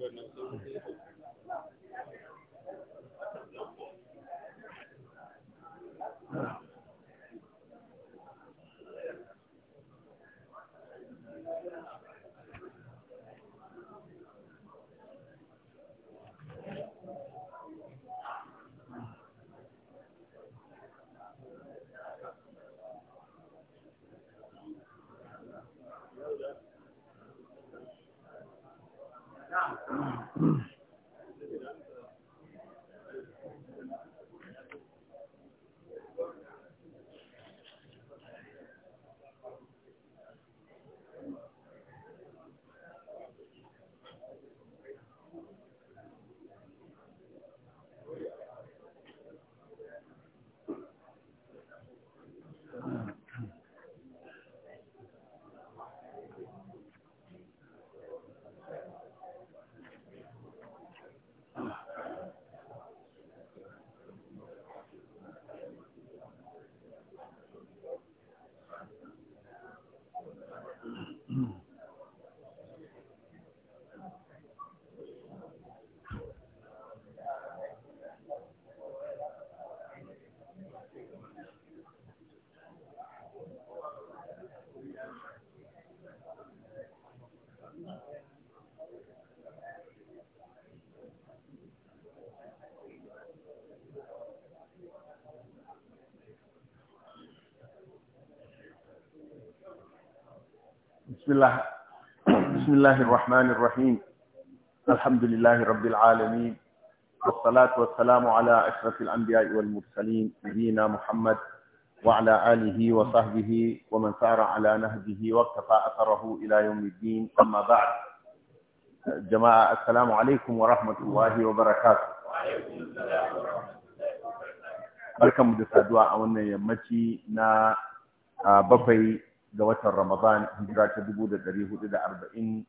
goodness. بسم الله بسم الله الرحمن الرحيم الحمد لله رب العالمين والصلاة والسلام على أشرف الأنبياء والمرسلين نبينا محمد وعلى آله وصحبه ومن سار على نهجه واقتفى أثره إلى يوم الدين أما بعد جماعة السلام عليكم ورحمة الله وبركاته وعليكم السلام ورحمة الله وبركاته بركة مدسة دعاء ونيمتي نا آه، بفي ga watan Ramadan hijira ta 1447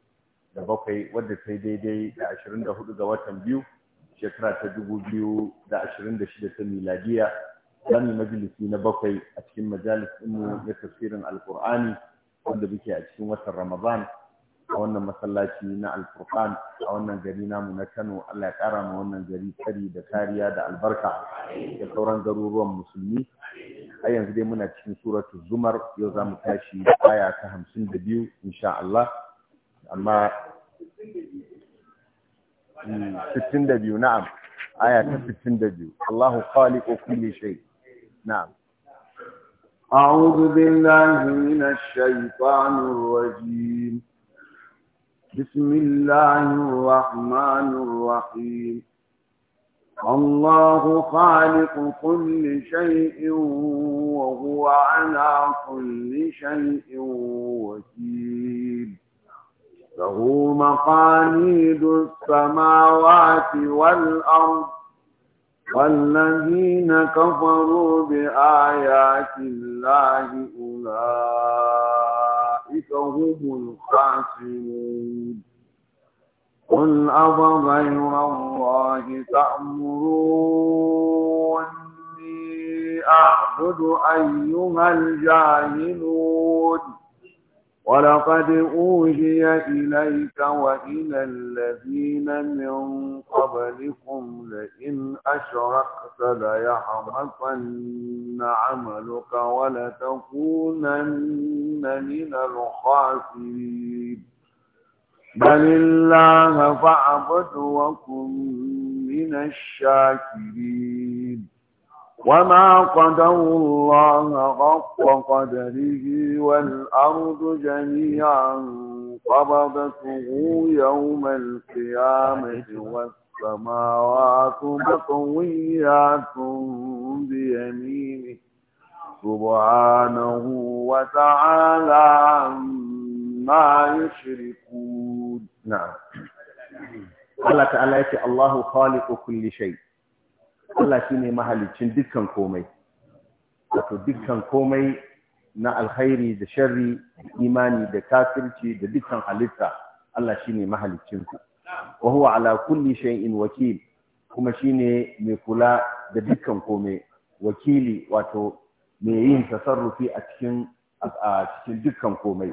wadda yi daidai da 24 ga watan biyu shekara ta 2026 ta miladiya zan yi majalisi na bakwai a cikin majalis ɗinmu na tafsirin alkur'ani wanda muke a cikin watan Ramadan a wannan masallaci na alfurqan a wannan gari namu na Kano Allah ya kara ma wannan gari tsari da kariya da albarka da sauran garuruwan musulmi a yanzu dai muna cikin suratu zumar yau za mu tashi aya ta hamsin da biyu insha Allah amma hmm, sittin da biyu na'am aya ta sittin da biyu Allahu khaliqu kulli shay na'am أعوذ بالله من الشيطان الرجيم بسم الله الرحمن الرحيم الله خالق كل شيء وهو على كل شيء وكيل له مقاليد السماوات والأرض والذين كفروا بآيات الله أولئك هم الخاسرون قل أفغير الله تأمروني أعبد أيها الجاهلون ولقد أوحي إليك وإلى الذين من قبلكم لئن أشركت ليحبطن عملك ولتكونن من الخاسرين بل الله فاعبد وكن من الشاكرين وما قدر الله حق قدره والأرض جميعا قبضته يوم القيامة والسماوات مطويات بيمينه سبحانه وتعالى عما عما يشركون na. Allah ta'ala ya ce Allahu khaliqu kulli shay Allah shine mahalicin dukkan komai wato dukkan komai na alkhairi da sharri imani da kafirci da dukkan halitta Allah shine mahalicin sa wa huwa ala kulli shay'in wakil kuma shine mai kula da dukkan komai wakili wato mai yin tasarrufi a cikin a cikin dukkan komai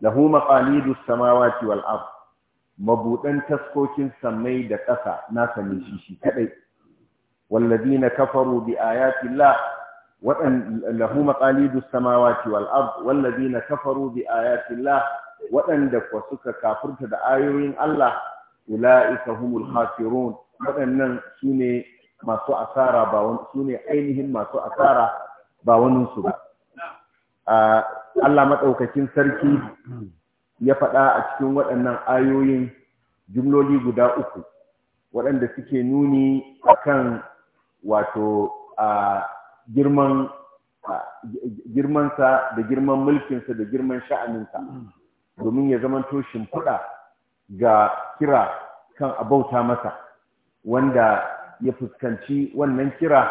lahu maqalidu samawati wal ard mabudan taskokin sammai da ƙasa na sani shi shi kadai wallazina kafaru bi ayati llah wadan lahu maqalidu samawati wal ard wallazina kafaru bi ayati llah wadanda ko suka kafirta da ayoyin Allah ulaika humul khasirun wadannan sune masu asara ba wani sune ainihin masu asara ba wani su ba Allah maɗaukakin sarki ya faɗa a cikin waɗannan ayoyin jumloli guda uku waɗanda suke nuni a kan wato a girman girmansa da girman mulkinsa da girman sha'aninsa domin ya zamanto shimfiɗa ga kira kan abauta masa wanda ya fuskanci wannan kira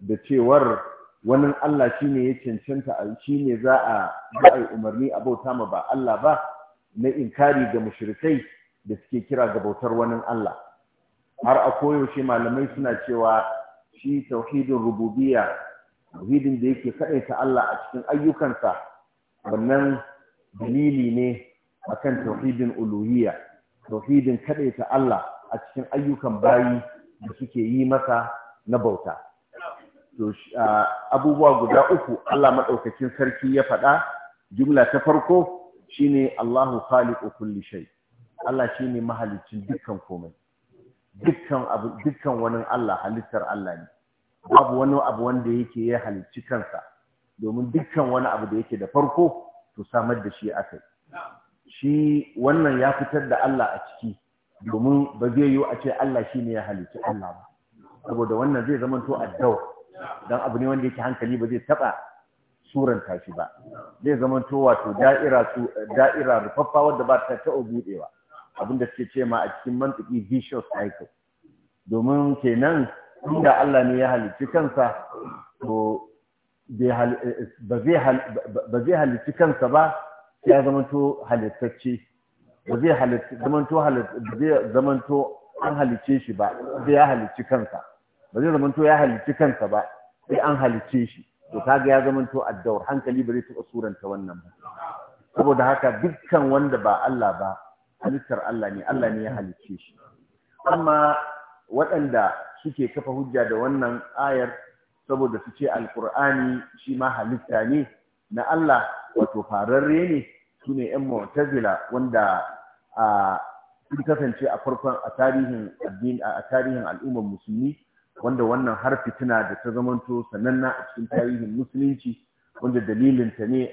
da cewar wani Allah shi ne ya cancanta shi ne za a yi umarni a bauta ma ba Allah ba na inkari ga mashirikai da suke kira ga bautar wani Allah har a koyaushe malamai suna cewa shi tauhidin Rububiya, tauhidin da yake kaɗaita Allah a cikin ayyukansa wannan dalili ne akan tauhidin uluhiyya tauhidin kaɗaita Allah a cikin ayyukan bayi da suke yi masa na bauta abubuwa guda uku Allah madaukakin sarki ya faɗa jumla ta farko shine Allahu khaliqu kulli shay Allah shine mahalicin dukkan komai dukkan abu dukkan wani Allah halittar Allah ne babu wani abu wanda yake ya halicci kansa domin dukkan wani abu da yake da farko to samar da shi akai shi wannan ya fitar da Allah a ciki domin ba zai yiwu a ce Allah shine ya halicci Allah ba saboda wannan zai zama to addawa don abu ne wanda yake hankali ba zai taɓa suranta shi ba zai zama to wato da'ira su da'ira rufaffa wadda ba ta budewa. Abin abinda suke ce ma a cikin mantiki vicious cycle domin kenan inda Allah ne ya halicci kansa to ba zai halicci kansa ba ya to halittacce ba zai to an halicce shi ba zai ya halicci kansa ba zai zamanto ya halicci kansa ba sai an halicce shi to kaga ya zamanto addawar hankali ba zai taɓa suranta wannan ba saboda haka dukkan wanda ba Allah ba halittar Allah ne Allah ne ya halicce shi amma waɗanda suke kafa hujja da wannan ayar saboda su ce alkur'ani shi ma halitta ne na Allah wato fararre ne su ne ‘yan Mu'tazila wanda a sun kasance a farkon a tarihin al'ummar musulmi wanda wannan har fitina da ta zamanto sananna a cikin tarihin musulunci wanda dalilinta ne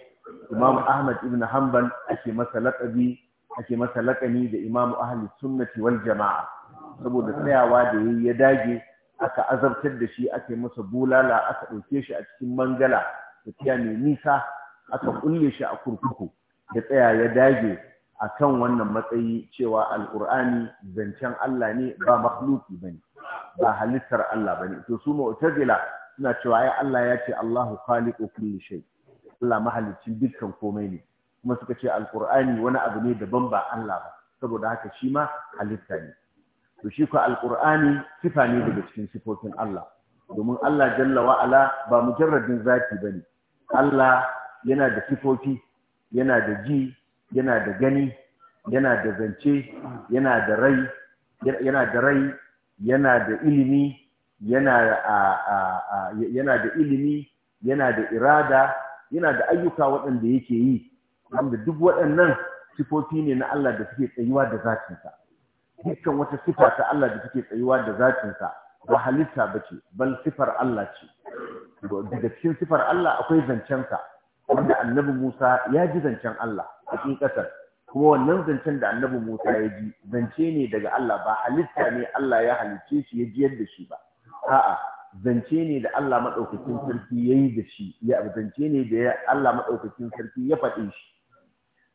imam ahmad ibn hanbal ake masa laƙabi ake masa laƙani da imam ahli sunnati wal jama'a saboda tsayawa da yayi ya dage aka azabtar da shi aka masa bulala aka ɗauke shi a cikin mangala tafiya mai nisa aka kulle shi a kurkuku ya tsaya ya dage a kan wannan matsayi cewa alƙur'ani zancen Allah ne ba makhluki ba ne ba halittar Allah bane to su mu'tazila suna cewa ai Allah ya ce Allahu khaliqu kulli shay Allah mahalicin dukkan komai ne kuma suka ce alqur'ani wani abu ne daban ba Allah ba saboda haka shi ma halitta ne to shi ko alqur'ani sifa ne daga cikin sifofin Allah domin Allah jalla wa ala ba mujarradin zati bane Allah yana da sifofi yana da ji yana da gani yana da zance yana da rai yana da ilimi yana a, yana da ilimi yana da irada yana da ayyuka waɗanda yake yi wanda duk waɗannan sifofi ne na Allah da suke tsayuwa da zatinsa dukkan wata sifa ta Allah da suke tsayuwa da zatinsa ba halitta ba ce bal sifar Allah ce daga cikin sifar Allah akwai zancensa wanda annabi Musa ya ji zancen Allah a cikin ƙasar kuma wannan zancen da annabi Musa ya ji zance ne daga Allah ba halitta ne Allah ya halicce shi ya jiyar da shi ba a'a zance ne da Allah madaukakin sarki yayi da shi ya zance ne da Allah madaukakin sarki ya faɗi shi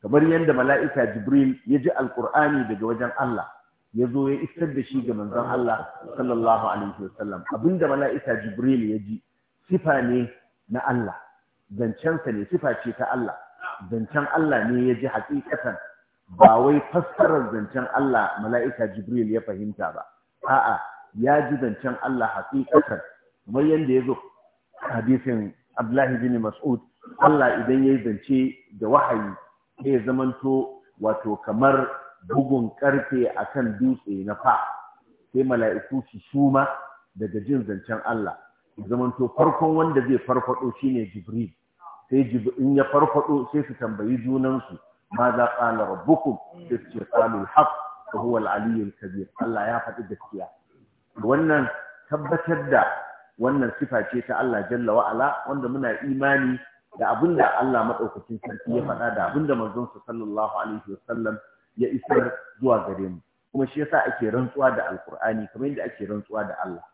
kamar yadda mala'ika Jibril ya ji alqur'ani daga wajen Allah ya zo ya isar da shi ga manzon Allah sallallahu alaihi wasallam abinda mala'ika Jibril ya ji sifa ne na Allah zancensa ne sifa ce ta Allah zancen Allah ne ya ji hakikatan ba wai fassarar zancen Allah mala'ika Jibril ya fahimta ba a'a ya ji zancen Allah hakikatan kamar yadda ya zo hadisin Abdullahi bin Mas'ud Allah idan ya yi zance da wahayi ya zamanto wato kamar bugun karfe akan dutse na fa sai mala'iku su suma daga jin zancen Allah zamanto farkon wanda zai farfaɗo shine Jibril sai in ya farfado sai su tambayi junansu ma za qala rabbukum mm. sai su ce qalu haq wa huwa al-aliyyul kabir Allah ya faɗi gaskiya wannan tabbatar da wannan sifa ce ta Allah jalla wa ala wanda muna imani da abinda Allah madaukakin sarki ya faɗa da abinda manzon sa sallallahu alaihi sallam ya isar zuwa gare mu kuma shi yasa ake rantsuwa da alkur'ani kamar yadda ake rantsuwa da Allah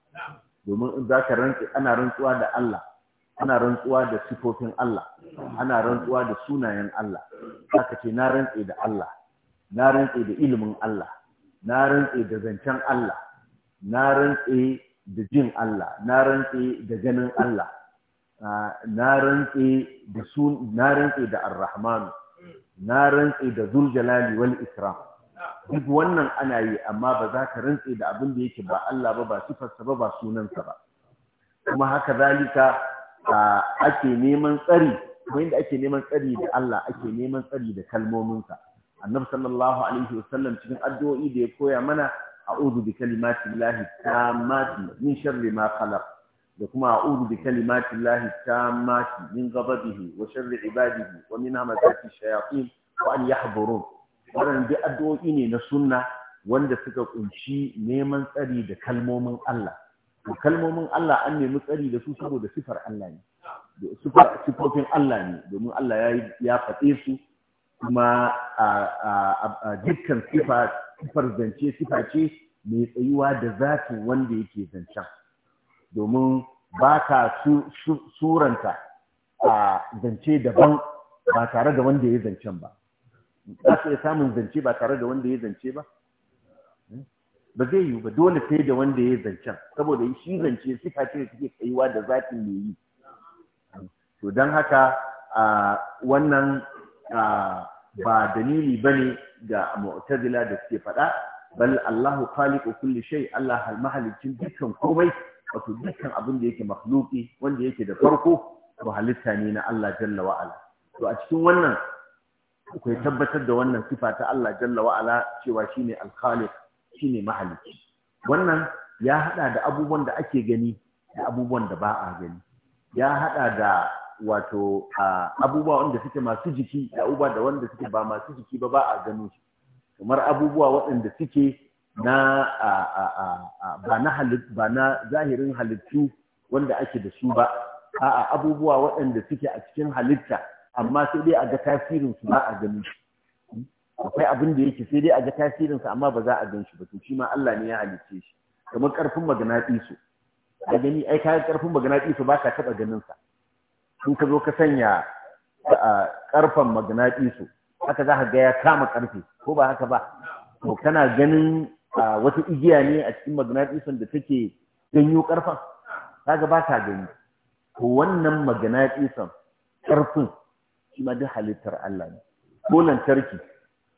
domin in zaka rantsi ana rantsuwa da Allah ana rantsuwa da sifofin Allah ana rantsuwa da sunayen Allah haka ce na rantse da Allah na rantse da ilimin Allah na rantse da zancen Allah na rantse da jin Allah na rantse da ganin Allah ah, na rantse da sun na rantse da Ar-Rahman na rantse da Zul Jalali wal Ikram duk wannan ana yi amma ba za ka rantse da abin da yake ba Allah ba ba sifarsa ba ba sunansa ba kuma haka zalika ake neman tsari kuma inda ake neman tsari da Allah ake neman tsari da kalmominsa annabi sallallahu alaihi wasallam cikin addu'o'i da ya koya mana a'udhu bi kalimati llahi tammati min sharri ma khalaq da kuma a'udhu bi kalimati llahi tammati min ghadabihi wa sharri ibadihi wa min hamazati shayatin wa an yahdurun wannan duk addu'o'i ne na sunna wanda suka kunshi neman tsari da kalmomin Allah kalmomin Allah an nemi tsari da su saboda sifar Allah ne sifofin Allah ne domin Allah ya faɗe su kuma a dukkan sifar zance sifa ce mai tsayuwa da zafin wanda yake zancen domin ba ka suranta a zance daban ba tare da wanda ya zancen ba za su iya samun zance ba tare da wanda ya zance ba ba zai yiwu ba dole sai da wanda ya zancen saboda shi zance sifa ce da take tsayuwa da zatin mai yi to don haka wannan ba dalili bane ga mu'tazila da suke faɗa bal Allahu khaliqu kulli shay Allah al dukan dukkan komai wato dukkan abin da yake makhluqi wanda yake da farko to halitta ne na Allah jalla wa ala to a cikin wannan akwai tabbatar da wannan sifa ta Allah jalla wa ala cewa shine al-khaliq ne mahalicci wannan ya hada da abubuwan da ake gani da abubuwan da ba a gani ya hada da wato abubuwa wanda suke masu jiki da abubuwa da wanda suke ba masu jiki ba ba a gano shi kamar abubuwa waɗanda suke na ba na ba na zahirin halittu wanda ake da su ba a'a abubuwa waɗanda suke a cikin halitta amma sai dai a ga tasirin su ba a gani shi akwai abin da yake sai dai a ga tasirinsa amma ba za a gan shi ba to shi ma Allah ne ya halicce shi kamar karfin magnatisu a gani ai kayan karfin magnatisu ba ka taɓa ganinsa in ka zo ka sanya karfan magnatisu haka za ka ga ya kama karfe ko ba haka ba to kana ganin wata igiya ne a cikin magnatisun da take ganyo karfan kaga ba ka gani to wannan magnatisun karfin shi ma duk halittar Allah ne ko lantarki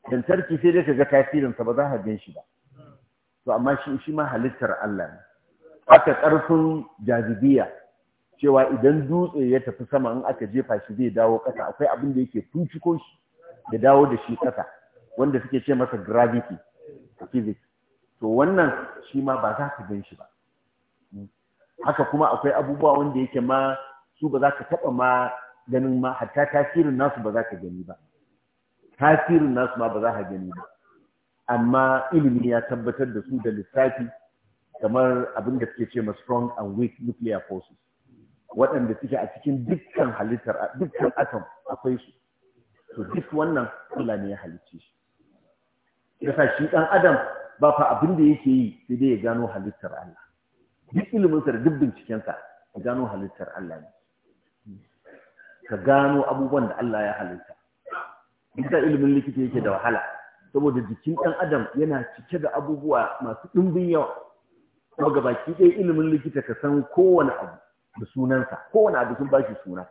lantarki sai dai ka ga tasirinsa ba za ka gan shi ba to amma shi shi ma halittar Allah ne Aka ƙarfin jazibiya cewa idan dutse ya tafi sama in aka jefa shi zai dawo ƙasa akwai abin da yake tunciko shi da dawo da shi ƙasa wanda suke ce masa gravity physics to wannan shi ma ba za ka gan shi ba haka kuma akwai abubuwa wanda yake ma su ba za ka taɓa ma ganin ma hatta tasirin nasu ba za ka gani ba tasirin nasu ma ba za ka gani ba amma ilimi ya tabbatar da su da lissafi kamar abin da suke ce ma strong and weak nuclear forces waɗanda suke a cikin dukkan halittar dukkan atom akwai su to duk wannan Allah ne ya halicce shi yasa shi ɗan adam ba fa abin da yake yi sai dai ya gano halittar Allah duk sa da duk bincikensa ya gano halittar Allah ne ka gano abubuwan da Allah ya halitta Ita ilimin likita yake da wahala saboda jikin ɗan adam yana cike da abubuwa masu ɗumbin yawa kuma ga baki ɗaya ilimin likita ka san kowane abu da sunansa kowane abu sun bashi suna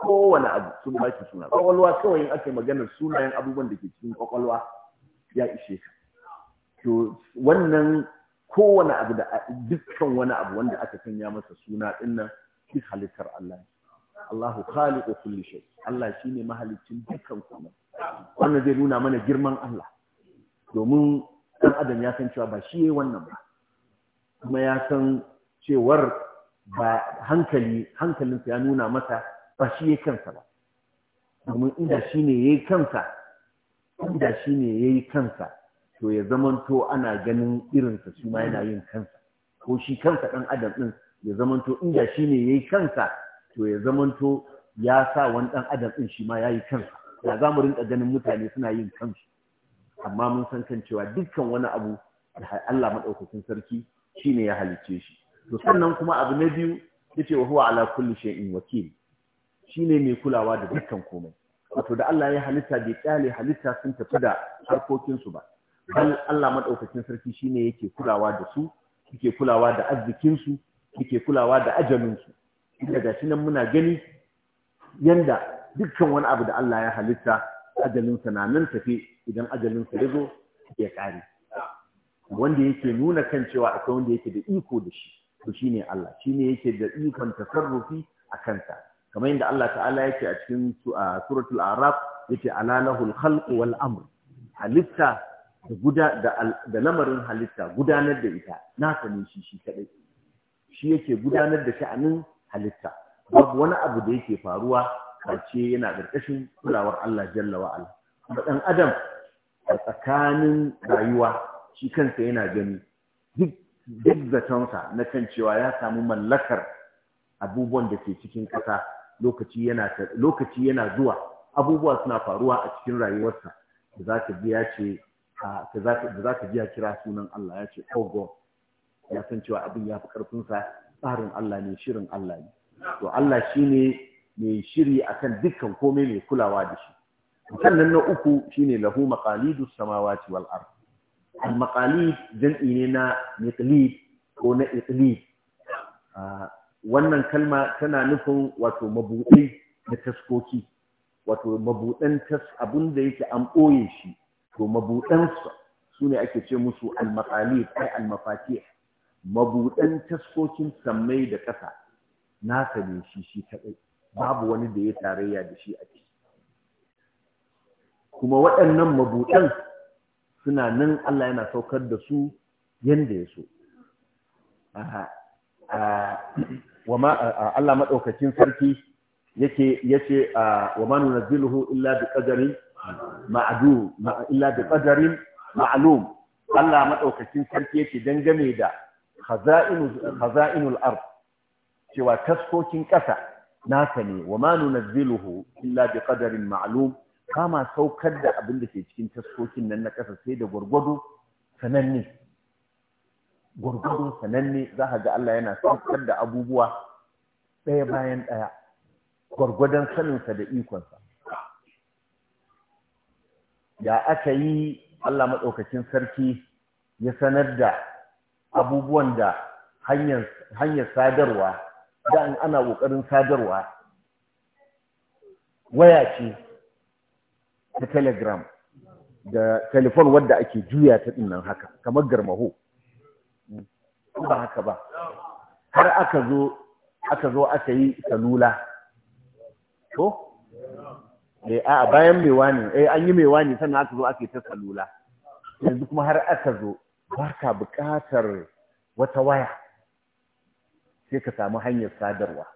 kowane abu sun bashi suna kwakwalwa kawai in aka yi maganar sunayen abubuwan da ke cikin kwakwalwa ya ishe ka to wannan kowane abu da dukkan wani abu wanda aka sanya masa suna ɗin nan shi halittar Allah ne Allahu khaliqu kulli shay Allah shine mahalicin dukkan komai wannan zai nuna mana girman Allah domin dan adam ya san cewa ba shi yayin wannan ba kuma ya san cewar ba hankali hankalinsa ya nuna masa ba shi yayin kansa ba domin inda shine yayin kansa inda shine yayin kansa to ya zamanto ana ganin irinsa shi ma yana yin kansa ko shi kansa ɗan adam ɗin ya zamanto inda shi ne ya yi kansa to ya zamanto ya sa wani ɗan adam ɗin shi ma ya yi kansa Ya za mu rinka ganin mutane suna yin kansu amma mun san kan cewa dukkan wani abu da Allah maɗaukakin sarki shine ya halicce shi to sannan kuma abu na biyu yace wa huwa ala kulli shay'in wakil shine mai kulawa da dukkan komai wato da Allah ya halitta bai kyale halitta sun tafi da harkokinsu ba bal Allah maɗaukacin sarki shine yake kulawa da su yake kulawa da arzikin su yake kulawa da ajalin inda shi nan muna gani yanda dukkan wani abu da Allah ya halitta ajalinsa na nan tafe idan ajalinsa ya zo ya kare wanda yake nuna kan cewa akwai wanda yake da iko da shi to shine Allah shine yake da ikon tasarrufi a kansa kamar yadda Allah ta'ala yake a cikin suratul araf yake ala lahul wal amr halitta da guda da lamarin halitta gudanar da ita na sani shi shi kadai shi yake gudanar da sha'anin halitta babu wani abu da yake faruwa face yana ƙarƙashin kulawar Allah jalla wa ala kuma dan adam a tsakanin rayuwa shi kansa yana gani duk duk zatonsa na kan cewa ya samu mallakar abubuwan da ke cikin ƙasa lokaci yana lokaci yana zuwa abubuwa suna faruwa a cikin rayuwarsa da za ka ji ce za ka ji kira sunan Allah ya ce oh God ya san cewa abin ya fi ƙarfinsa tsarin Allah ne shirin Allah ne to Allah shine mai shiri akan dukkan komai mai kulawa da shi sannan na uku shine lahu maqalidus samawati wal ard al maqalid jam'i ne na miqlid ko na iqlid wannan kalma tana nufin wato mabuɗi da taskoki wato mabuɗan tas da yake an ɓoye shi to mabuɗan su ne ake ce musu al maqalid ai al mafatih mabuɗan taskokin sammai da ƙasa nasa ne shi shi kaɗai babu wani da ya tarayya da shi a ciki kuma waɗannan mabuɗan suna nan Allah yana saukar da su yanda ya so Allah maɗaukacin sarki yake yace wa ma nunazziluhu illa bi qadarin illa bi qadarin ma'lum Allah maɗaukacin sarki yake dangane da khaza'inul ard cewa taskokin ƙasa naka ne wa ma nunazziluhu illa bi qadarin ma'lum kama saukar da abin da ke cikin taskokin nan na ƙasa sai da gwargwado sananne gwargwado sananne za ka ga Allah yana saukar da abubuwa ɗaya bayan ɗaya gwargwadon saninsa da ikonsa ya aka yi Allah maɗaukacin sarki ya sanar da abubuwan da hanyar sadarwa da an ana ƙoƙarin sadarwa waya ce ta telegram da telefon wadda ake juya ta dinnan haka kamar garmaho ba haka ba har aka zo aka zo aka yi salula to eh a bayan mewani eh an yi mewani sannan aka zo aka yi ta salula yanzu kuma har aka zo ba ka buƙatar wata waya sai ka samu hanyar sadarwa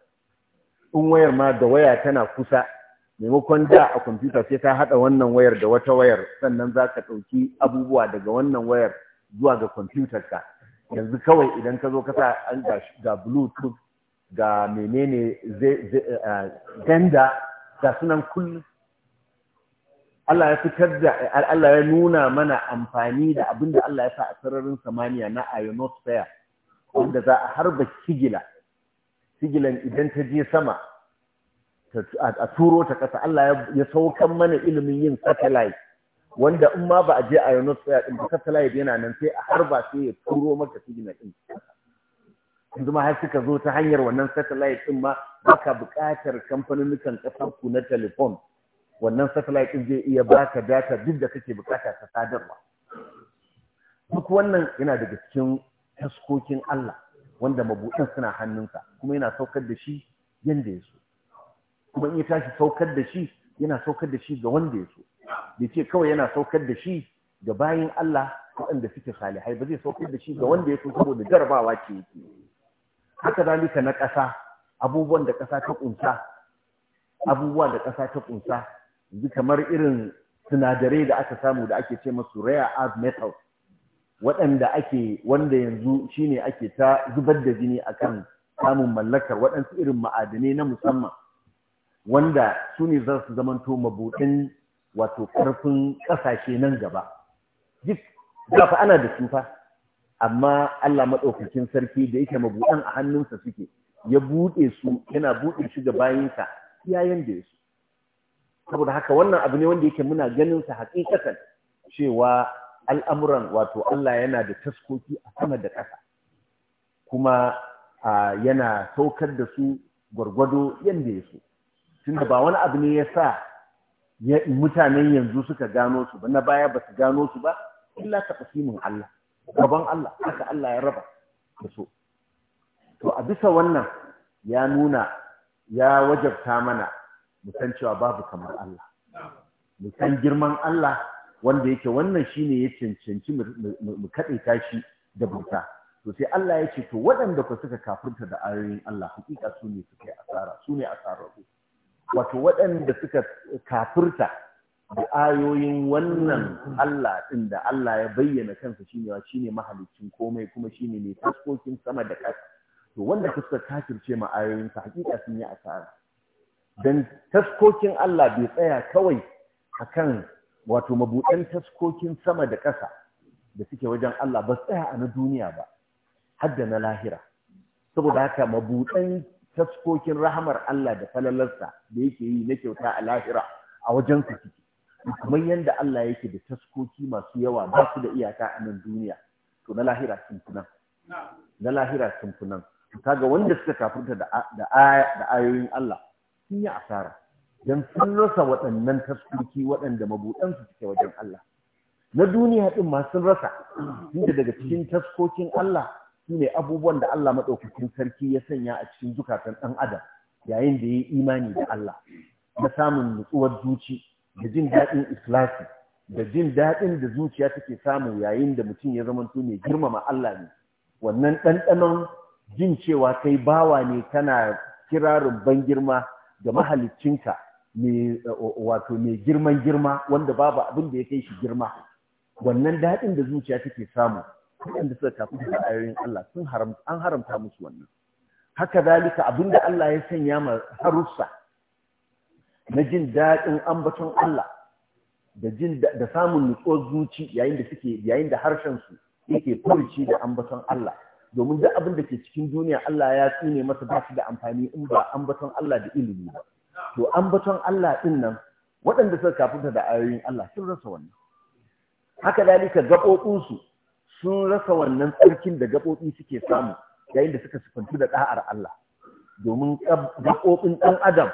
in wayar ma da waya tana kusa maimakon da a kwamfuta sai ta haɗa wannan wayar da wata wayar sannan za ka ɗauki abubuwa daga wannan wayar zuwa ga kwamfutarka yanzu kawai idan ka zo ka sa an ga bluetooth ga menene eh, ganda ga sunan kullum Allah ya fitar da Allah ya nuna mana amfani da abin da Allah ya sa a sararin samaniya na ionosphere wanda za a harba sigila sigilan idan ta je sama a turo ta kasa, Allah ya saukan mana ilimin yin satellite wanda in ma ba a je ionosphere din ba satellite yana nan sai a harba sai ya turo maka sigilan din yanzu ma har suka zo ta hanyar wannan satellite din ma baka buƙatar kamfanin ƙasar ku na telephone wannan satellite zai iya baka data duk da kake bukata ta sadarwa duk wannan yana daga cikin taskokin Allah wanda mabuɗin suna hannunsa kuma yana saukar da shi yanda ya so kuma in ya tashi saukar da shi yana saukar da shi ga wanda ya so bai ce kawai yana saukar da shi ga bayin Allah waɗanda suke salihai ba zai saukar da shi ga wanda ya so saboda jarabawa ce yake haka zalika na ƙasa abubuwan da ƙasa ta ƙunsa abubuwa da ƙasa ta ƙunsa yanzu kamar irin sinadarai da aka samu da ake ce masu rare earth metals waɗanda ake wanda yanzu shine ake ta zubar da jini akan samun mallakar waɗansu irin ma'adanai na musamman wanda su ne za su zamanto mabuɗin wato ƙarfin ƙasashe nan gaba duk fa ana da su amma Allah maɗaukakin sarki da yake mabuɗan a hannunsa suke ya buɗe su yana buɗe shi ga bayansa iyayen da ya so saboda haka wannan abu ne wanda yake muna ganin sa hakikatan cewa al'amuran wato Allah yana da taskoki a sama da ƙasa kuma yana saukar da su gwargwado yadda ya so tunda ba wani abu ne ya sa mutanen yanzu suka gano su ba na baya ba su gano su ba illa fasimin Allah gaban Allah haka Allah ya raba da so to a bisa wannan ya nuna ya wajabta mana mu cewa babu kamar Allah mu girman Allah wanda yake wannan shi ne ya cancanci mu kaɗaita shi da bauta to sai Allah ya ce to waɗanda ku suka kafirta da ayoyin Allah hakika su ne suka yi asara su ne wato waɗanda suka kafirta da ayoyin wannan Allah ɗin da Allah ya bayyana kansa ne shi ne mahalicin komai kuma shi ne mai sama da ƙasa to wanda suka kafirce ma ayoyinsa hakika sun yi asara don taskokin Allah bai tsaya kawai akan wato mabuɗin taskokin sama da ƙasa da suke wajen Allah ba tsaya a na duniya ba hadda na lahira saboda haka mabuɗin taskokin rahamar Allah da falalarsa da yake yi na kyauta a lahira a wajen su suke kamar yadda Allah yake da taskoki masu yawa ba su da iyaka a nan duniya to na lahira sun fi nan na lahira sun fi nan kaga wanda suka kafurta da ayoyin Allah sun yi asara don sun rasa waɗannan taskoki waɗanda mabuɗansu suke wajen Allah na duniya ɗin ma sun rasa inda daga cikin taskokin Allah su ne abubuwan da Allah maɗaukakin sarki ya sanya a cikin zukatan ɗan adam yayin da ya yi imani da Allah na samun nutsuwar zuci da jin daɗin islasi da jin daɗin da zuciya take samu yayin da mutum ya zamanto mai girmama Allah ne wannan ɗanɗanon jin cewa kai bawa ne kana kirarin ban girma da mahaliccinka wato mai girman girma wanda babu abin da ya kai shi girma wannan daɗin da zuciya take samu waɗanda suka tafi da ayoyin Allah sun haramta an haramta musu wannan haka zalika abin da Allah ya sanya ma harussa na jin daɗin ambaton Allah da jin da samun nutsuwar zuci yayin da suke yayin da harshen su yake furci da ambaton Allah domin duk abin da ke cikin duniya Allah ya tsine masa ba su da amfani in ba ambaton Allah da ilimi ba to ambaton Allah din nan waɗanda suka kafinta da ayoyin Allah sun rasa wannan haka dalika gaɓoɓinsu sun rasa wannan tsarkin da gaɓoɓi suke samu yayin da suka sufantu da ɗa'ar Allah domin gaɓoɓin ɗan adam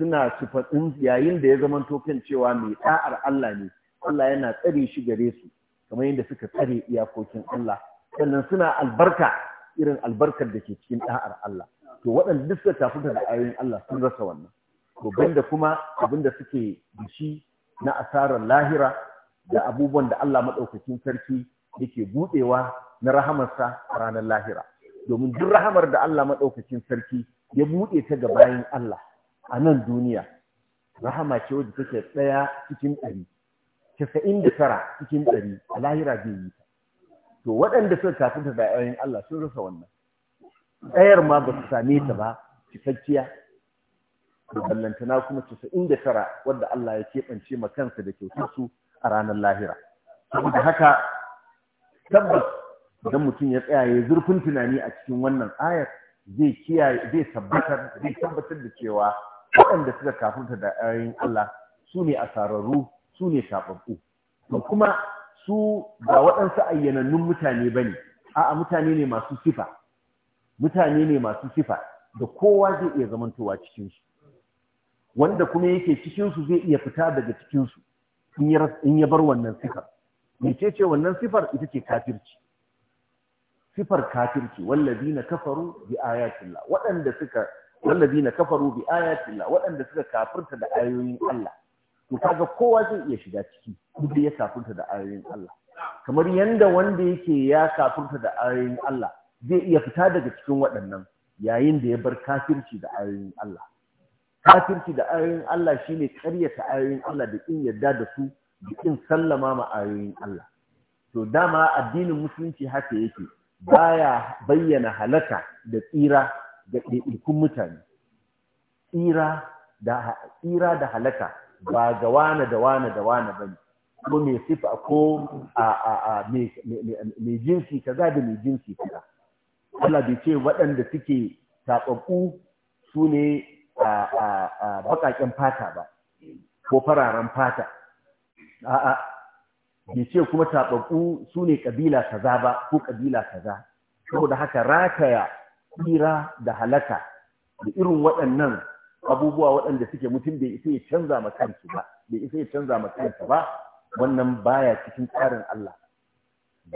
suna sufatun yayin da ya zama tokin cewa mai ɗa'ar Allah ne Allah yana tsare shi gare su kamar yadda suka tsare iyakokin Allah sannan suna albarka irin albarkar da ke cikin ɗa'ar Allah to waɗanda duk suka tafi da ayoyin Allah sun rasa wannan to da kuma abin da suke dushi na asarar lahira da abubuwan da Allah maɗaukacin sarki yake buɗewa na rahamarsa a ranar lahira domin duk rahamar da Allah maɗaukacin sarki ya buɗe ta ga bayan Allah a nan duniya rahama ce wadda take ɗaya cikin ɗari casa'in da tara cikin ɗari a lahira zai yi ta to waɗanda suka kafinta da ayoyin Allah sun rasa wannan ɗayar ma ba su same ta ba cikakkiya da ballantana kuma sa da tara wadda Allah ya keɓance ma kansa da kyautarsu a ranar lahira saboda haka tabbas idan mutum ya tsaya ya zurfin tunani a cikin wannan ayar zai kiyaye zai tabbatar zai tabbatar da cewa waɗanda suka kafinta da ayoyin Allah su ne asararru su ne shafaffu to kuma su ba waɗansu ayyanannun mutane ba ne a'a mutane ne masu sifa mutane ne masu sifa da kowa zai iya zamantowa cikinsu wanda kuma yake cikinsu zai iya fita daga cikinsu in ya bar wannan sifar mece ce wannan sifar ita ce kafirci sifar kafirci wallazina kafaru bi waɗanda suka kafaru bi ayatullah, waɗanda suka kafirta da ayoyin Allah to kaga kowa zai iya shiga ciki kuma ya kafurta da ayoyin Allah kamar yanda wanda yake ya kafurta da ayoyin Allah zai iya fita daga cikin waɗannan yayin da ya bar kafirci da ayoyin Allah kafirci da ayoyin Allah shine karyata ayoyin Allah da kin yarda da su da kin sallama ma ayoyin Allah to dama addinin musulunci haka yake baya bayyana halaka da tsira ga ɗaiɗaikun mutane tsira da tsira da halaka ba ga wane da wane da wane ba ne ko mai sifa ko mai jinsi ka kaza da mai jinsi kira Allah bai ce waɗanda suke taɓaɓɓu su ne baƙaƙen fata ba ko fararen fata a'a bai ce kuma taɓaɓɓu su ne ƙabila kaza ba ko ƙabila kaza saboda haka rataya tsira da halaka da irin waɗannan abubuwa waɗanda suke mutum bai isa ya canza ma kansu ba bai isa ya canza ma kansa ba wannan baya cikin tsarin Allah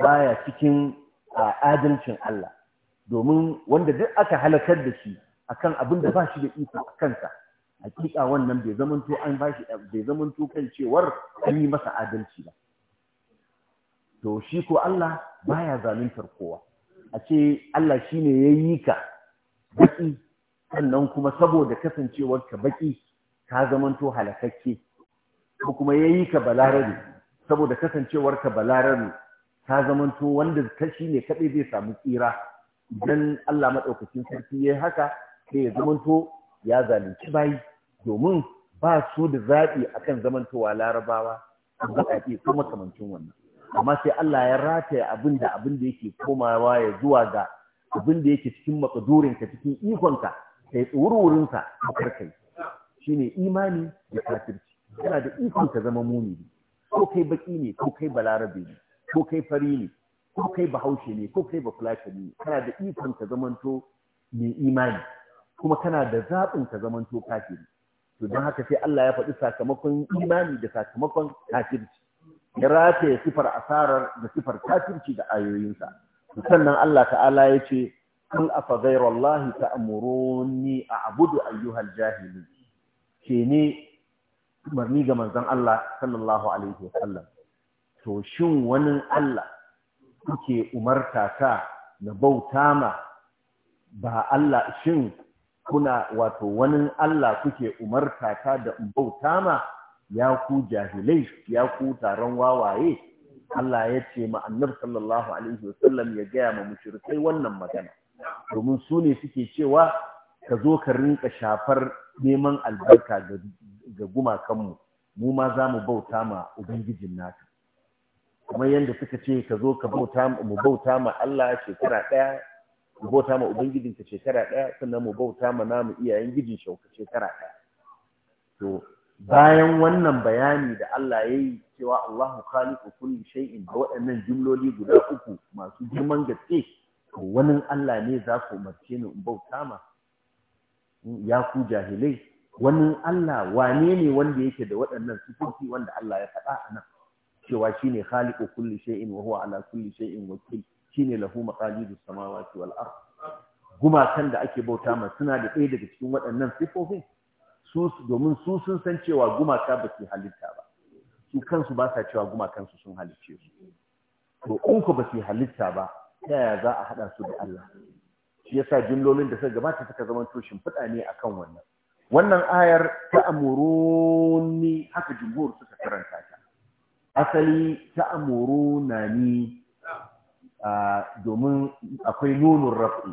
baya cikin adalcin Allah domin wanda duk aka halakar da shi akan abin da ba shi da iko a kansa hakika wannan bai zamanto an shi bai zamanto kan cewar an yi masa adalci ba to shi ko Allah baya zaluntar kowa a ce Allah shine yayi ka sannan kuma saboda kasancewar ka baki ka zamanto halakakke ko kuma yayi ka balarabe saboda kasancewar ka balarabe ka zamanto wanda ka ne kadai zai samu tsira idan Allah madaukakin sarki yayi haka sai ya zamanto ya zalunci bayi domin ba su da zaɓi akan zamantowa larabawa zaɓi kuma kamancin wannan amma sai Allah ya rataya abin da abin da yake komawa ya zuwa ga abinda da yake cikin makadurinka cikin ikonka kai wurwurin a farkai shi shine imani da kafirci yana da ikon ka zama mumini ko kai baki ne ko kai balarabe ne ko kai fari ne ko kai bahaushe ne ko kai bafulashe ne kana da ikon ka zamanto mai imani kuma kana da zaɓin ka zamanto kafiri to don haka sai Allah ya faɗi sakamakon imani da sakamakon kafirci ya rataya sifar asarar da sifar kafirci da ayoyinsa sannan Allah ta'ala ya ce an afa ghairallahi a a'budu ayyuhal jahilin ke ne marni ga mazan Allah sallallahu alaihi wasallam to shin wani Allah kuke umarta ta na bauta ma ba Allah shin kuna wato wani Allah kuke umarta ta da bauta ma ya ku jahilai ya ku taron wawaye Allah ya ce ma sallallahu alaihi wasallam ya gaya ma mushirkai wannan magana domin su ne suke cewa ka zo ka rinka shafar neman albarka ga gumakanmu mu ma za mu bauta ma ubangijin naka kamar yadda suka ce ka zo ka bauta mu bauta ma Allah shekara ɗaya mu bauta ma ubangijin ka shekara ɗaya sannan mu bauta ma namu iyayen gijin shauka shekara ɗaya to bayan wannan bayani da Allah ya yi cewa Allahu khaliqu kulli shay'in da waɗannan jumloli guda uku masu girman gaske to wani Allah ne za ku umarce ni in bauta ma ya ku jahilai wani Allah wane ne wanda yake da waɗannan sifofi wanda Allah ya faɗa a nan cewa shine khaliqu kulli shay'in wa huwa ala kulli shay'in wakil shine lahu maqalidu samawati wal ard gumakan da ake bauta ma suna da ɗaya daga cikin waɗannan sifofin su domin su sun san cewa gumaka ba su halitta ba su kansu ba sa cewa gumakansu sun halicce su to in ku ba su halitta ba ta yaya za a haɗa su da Allah shi yasa jumlolin da suka gabata suka zama to shimfiɗa ne akan wannan wannan ayar ta amuruni haka jumhur suka karanta ta asali ta amuruna ni domin akwai nunun raf'i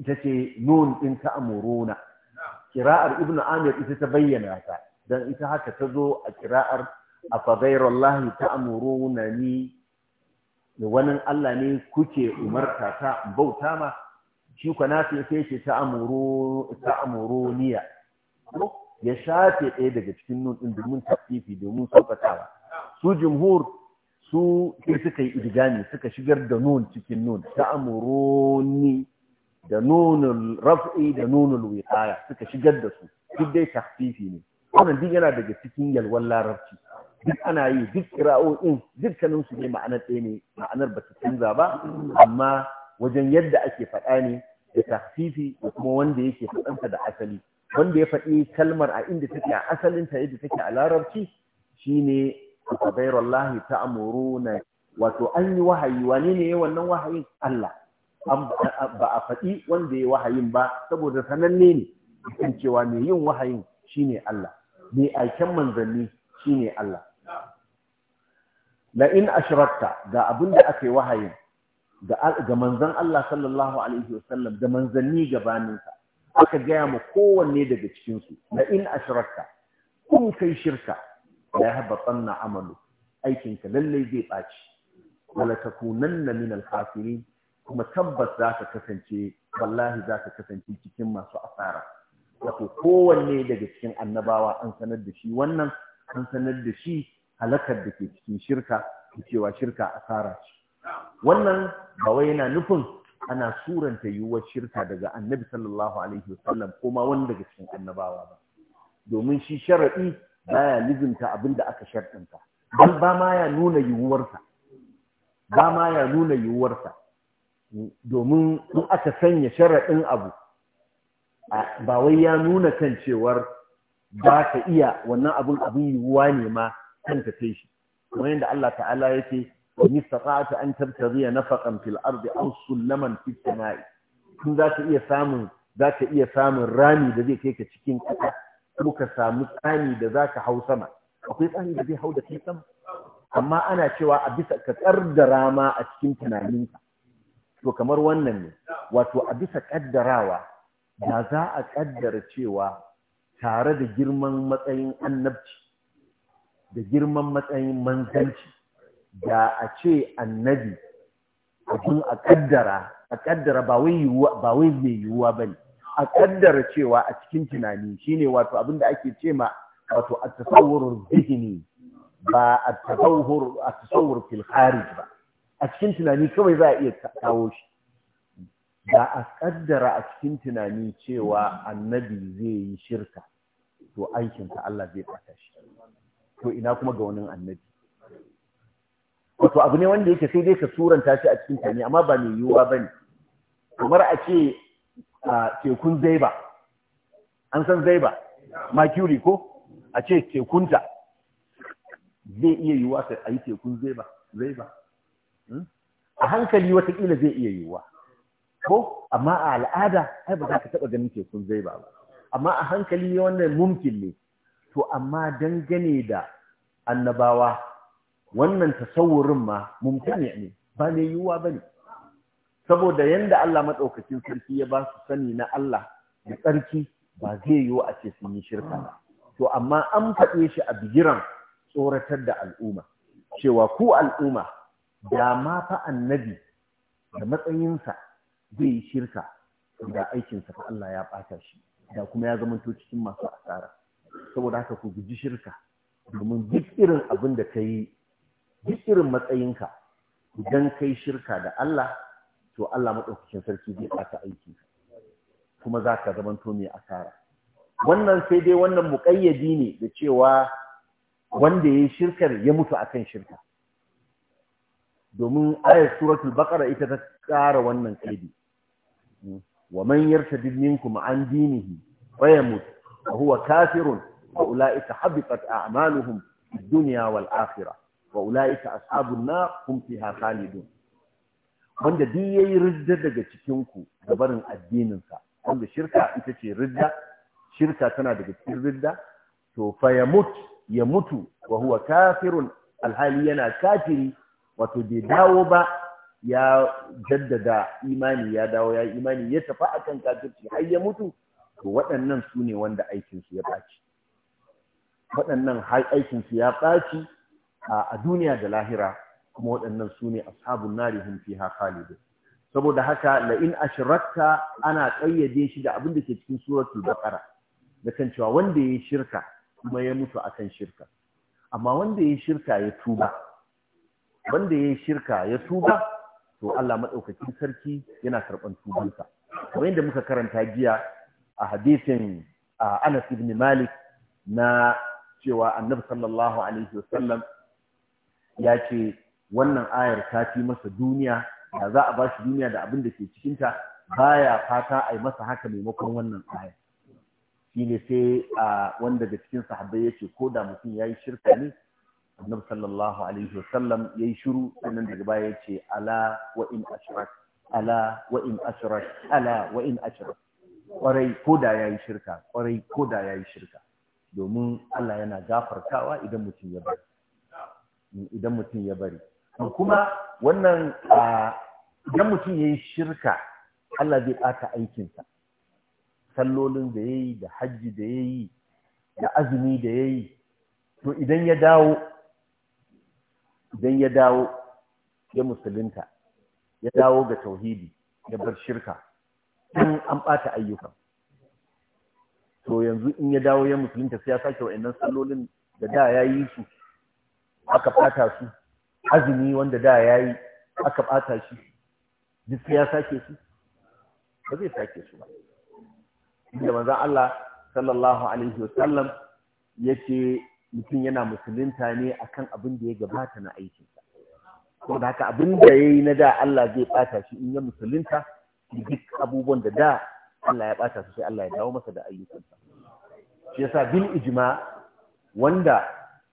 ita ce nun ɗin ta amuruna kira'ar ibnu amir ita ta bayyana ta dan ita haka ta zo a kira'ar a fagairar Allah ta amuruna ni da wani Allah ne kuke umarta ta bauta ma shi kwa nafi sai ce ta amuroniya ya shafe ɗaya daga cikin nun ɗin domin tafifi domin saukatawa su jumhur su ke suka yi idgami suka shigar da nun cikin nun ta amuroni da nunul raf'i da nunul wiqaya suka shigar da su duk dai tafifi ne wannan din yana daga cikin yalwar larabci duk ana yi duk kira'o'in dukkaninsu ne ma'anar ɗaya ne ma'anar ba su canza ba amma wajen yadda ake faɗa ne da tahfifi da kuma wanda yake faɗanta da asali wanda ya faɗi kalmar a inda take a asalinta yadda take a larabci shine ghayrallahi na. wato an yi wahayi wane ne ya wannan wahayin Allah ba a faɗi wanda ya wahayin ba saboda sananne ne kan cewa mai yin wahayin shine Allah mai aiken manzanni shine Allah la'in in ashrakta ga abinda aka yi wahayin ga manzon Allah sallallahu alaihi wasallam da manzanni gabaninsa aka gaya ma kowanne daga cikin su la in kun kai shirka la yahbatanna amalu aikin ka zai ɓaci. wala takunanna min al kuma tabbas za ka kasance wallahi za ka kasance cikin masu asara wato kowanne daga cikin annabawa an sanar da shi wannan an sanar da shi halakar da ke cikin shirka cewa shirka asara ce wannan ba wai yana nufin ana suranta yiwuwar shirka daga annabi sallallahu alaihi wasallam ko ma wani daga cikin annabawa ba domin shi sharaɗi baya lizinta abin da aka sharɗinta don ba ma ya nuna yiwuwarsa ba ma ya nuna yiwuwarsa domin in aka sanya sharaɗin abu ba wai ya nuna kan cewar ba ka iya wannan abin abin yiwuwa ne ma kan tafe shi yadda Allah ta'ala ce, wa ni sata'ata an tabtaghiya nafaqan fil ardi aw sulaman fis sama'i kun za ka iya samun za ka iya samun rami da zai kai ka cikin ƙasa ko ka samu tsani da za ka hau sama akwai tsani da zai hau da kai sama amma ana cewa a bisa ka kaddara ma a cikin tunaninka to kamar wannan ne wato a bisa kaddarawa da za a kaddara cewa tare da girman matsayin annabci da girman matsayin manzanci da a ce annabi abin a kaddara a kaddara ba wai yiwuwa ba wai mai yiwuwa bane a kaddara cewa a cikin tunani shine wato abin da ake ce ma wato at-tasawwurur zihni ba at-tasawwur at-tasawwur fil kharij ba a cikin tunani kawai za a iya kawo shi da a kaddara a cikin tunani cewa annabi zai yi shirka to aikinsa Allah zai ɓata shi to ina kuma ga wani annabi wato abu ne wanda yake sai dai ka suranta shi a cikin tani amma ba mai yiwuwa ba ne kamar a ce a tekun zaiba an san zaiba Makuri ko a ce tekunta zai iya yiwuwa ka a yi tekun zaiba zaiba hmm? a hankali watakila zai iya yiwuwa ko amma a al'ada ai ba za ka taɓa ganin tekun zaiba ba amma a hankali wannan mumkin ne to amma dangane da annabawa wannan tasawurin ma mumtani ne ba ne yiwuwa bane saboda yanda Allah madaukakin sarki ya ba su sani na Allah da tsarki ba zai yiwu a ce sun yi shirka to amma an faɗe shi a bigiran tsoratar da al'umma cewa ku al'umma da ma fa annabi da matsayinsa zai yi shirka da aikinsa fa Allah ya ɓata shi da kuma ya zamanto cikin masu asara saboda haka ku guji shirka domin duk irin abin da ka yi duk irin matsayinka idan ka yi shirka da Allah to Allah maɗaukacin sarki zai ɓata aiki kuma za ka zamanto mai asara wannan sai dai wannan muƙayyadi ne da cewa wanda ya yi shirkar ya mutu akan shirka domin ayar suratul baqara ita ta ƙara wannan kaidi wa man yartadid minkum an dinihi fa yamut wa huwa kafirun wa ula'ika habitat a'maluhum fid dunya wal akhirah wa ula'ika ashabun nar hum fiha khalidun wanda duk yayi ridda daga cikin ku da addininsa, addinin wanda shirka ita ce ridda shirka tana daga cikin ridda to fa yamut ya mutu wa huwa kafirun alhali yana kafiri wato bai dawo ba ya jaddada imani ya dawo ya imani ya tafi akan kafirci har ya mutu to waɗannan sune wanda aikinsu ya ɓaci waɗannan aikin su ya ɓaci a duniya da lahira kuma waɗannan su ne ashabun nari hum fiha khalidun saboda haka la in ashrakta ana ƙayyade shi da abin da ke cikin suratul baqara da kan cewa wanda ya shirka kuma ya mutu akan shirka amma wanda ya shirka ya tuba wanda ya shirka ya tuba to Allah madaukakin sarki yana karban tubansa kamar yadda muka karanta jiya a hadisin Anas ibn Malik na cewa annabi sallallahu alaihi wasallam ya ce wannan ayar ta fi masa duniya da za a ba shi duniya da abin da ke cikinta baya fata a yi masa haka maimakon wannan ayar shi ne sai a wanda daga cikin sahabbai yace ko da mutum ya yi shirka ne annabi sallallahu alaihi wasallam ya yi shiru sannan daga baya yace ce ala wa in ashrak ala wa in ashrak ala wa in ashrak kwarai ko da ya yi shirka kwarai ko da ya yi shirka domin Allah yana gafartawa idan mutum ya bari idan mutum ya bari kuma wannan idan mutum ya yi shirka Allah zai ɓata aikinsa sallolin da ya yi, da hajji da ya yi, da azumi da ya yi. to idan ya dawo idan ya dawo ya musulunta ya dawo ga tauhidi ya bar shirka in an ɓata ayyukan to yanzu in ya dawo ya musulunta sai ya sake wa'annan sallolin da da ya yi su aka ɓata su azumi wanda da ya yi aka ɓata shi duk sai ya sake su ba zai sake su ba inda manzon Allah sallallahu alaihi wasallam yace mutum yana musulunta ne akan abin da ya gabata na ko da haka abin da ya yi na da Allah zai ɓata shi in ya musulunta duk abubuwan da da Allah ya bata su sai Allah ya dawo masa da ayyukansa shi yasa bil ijma wanda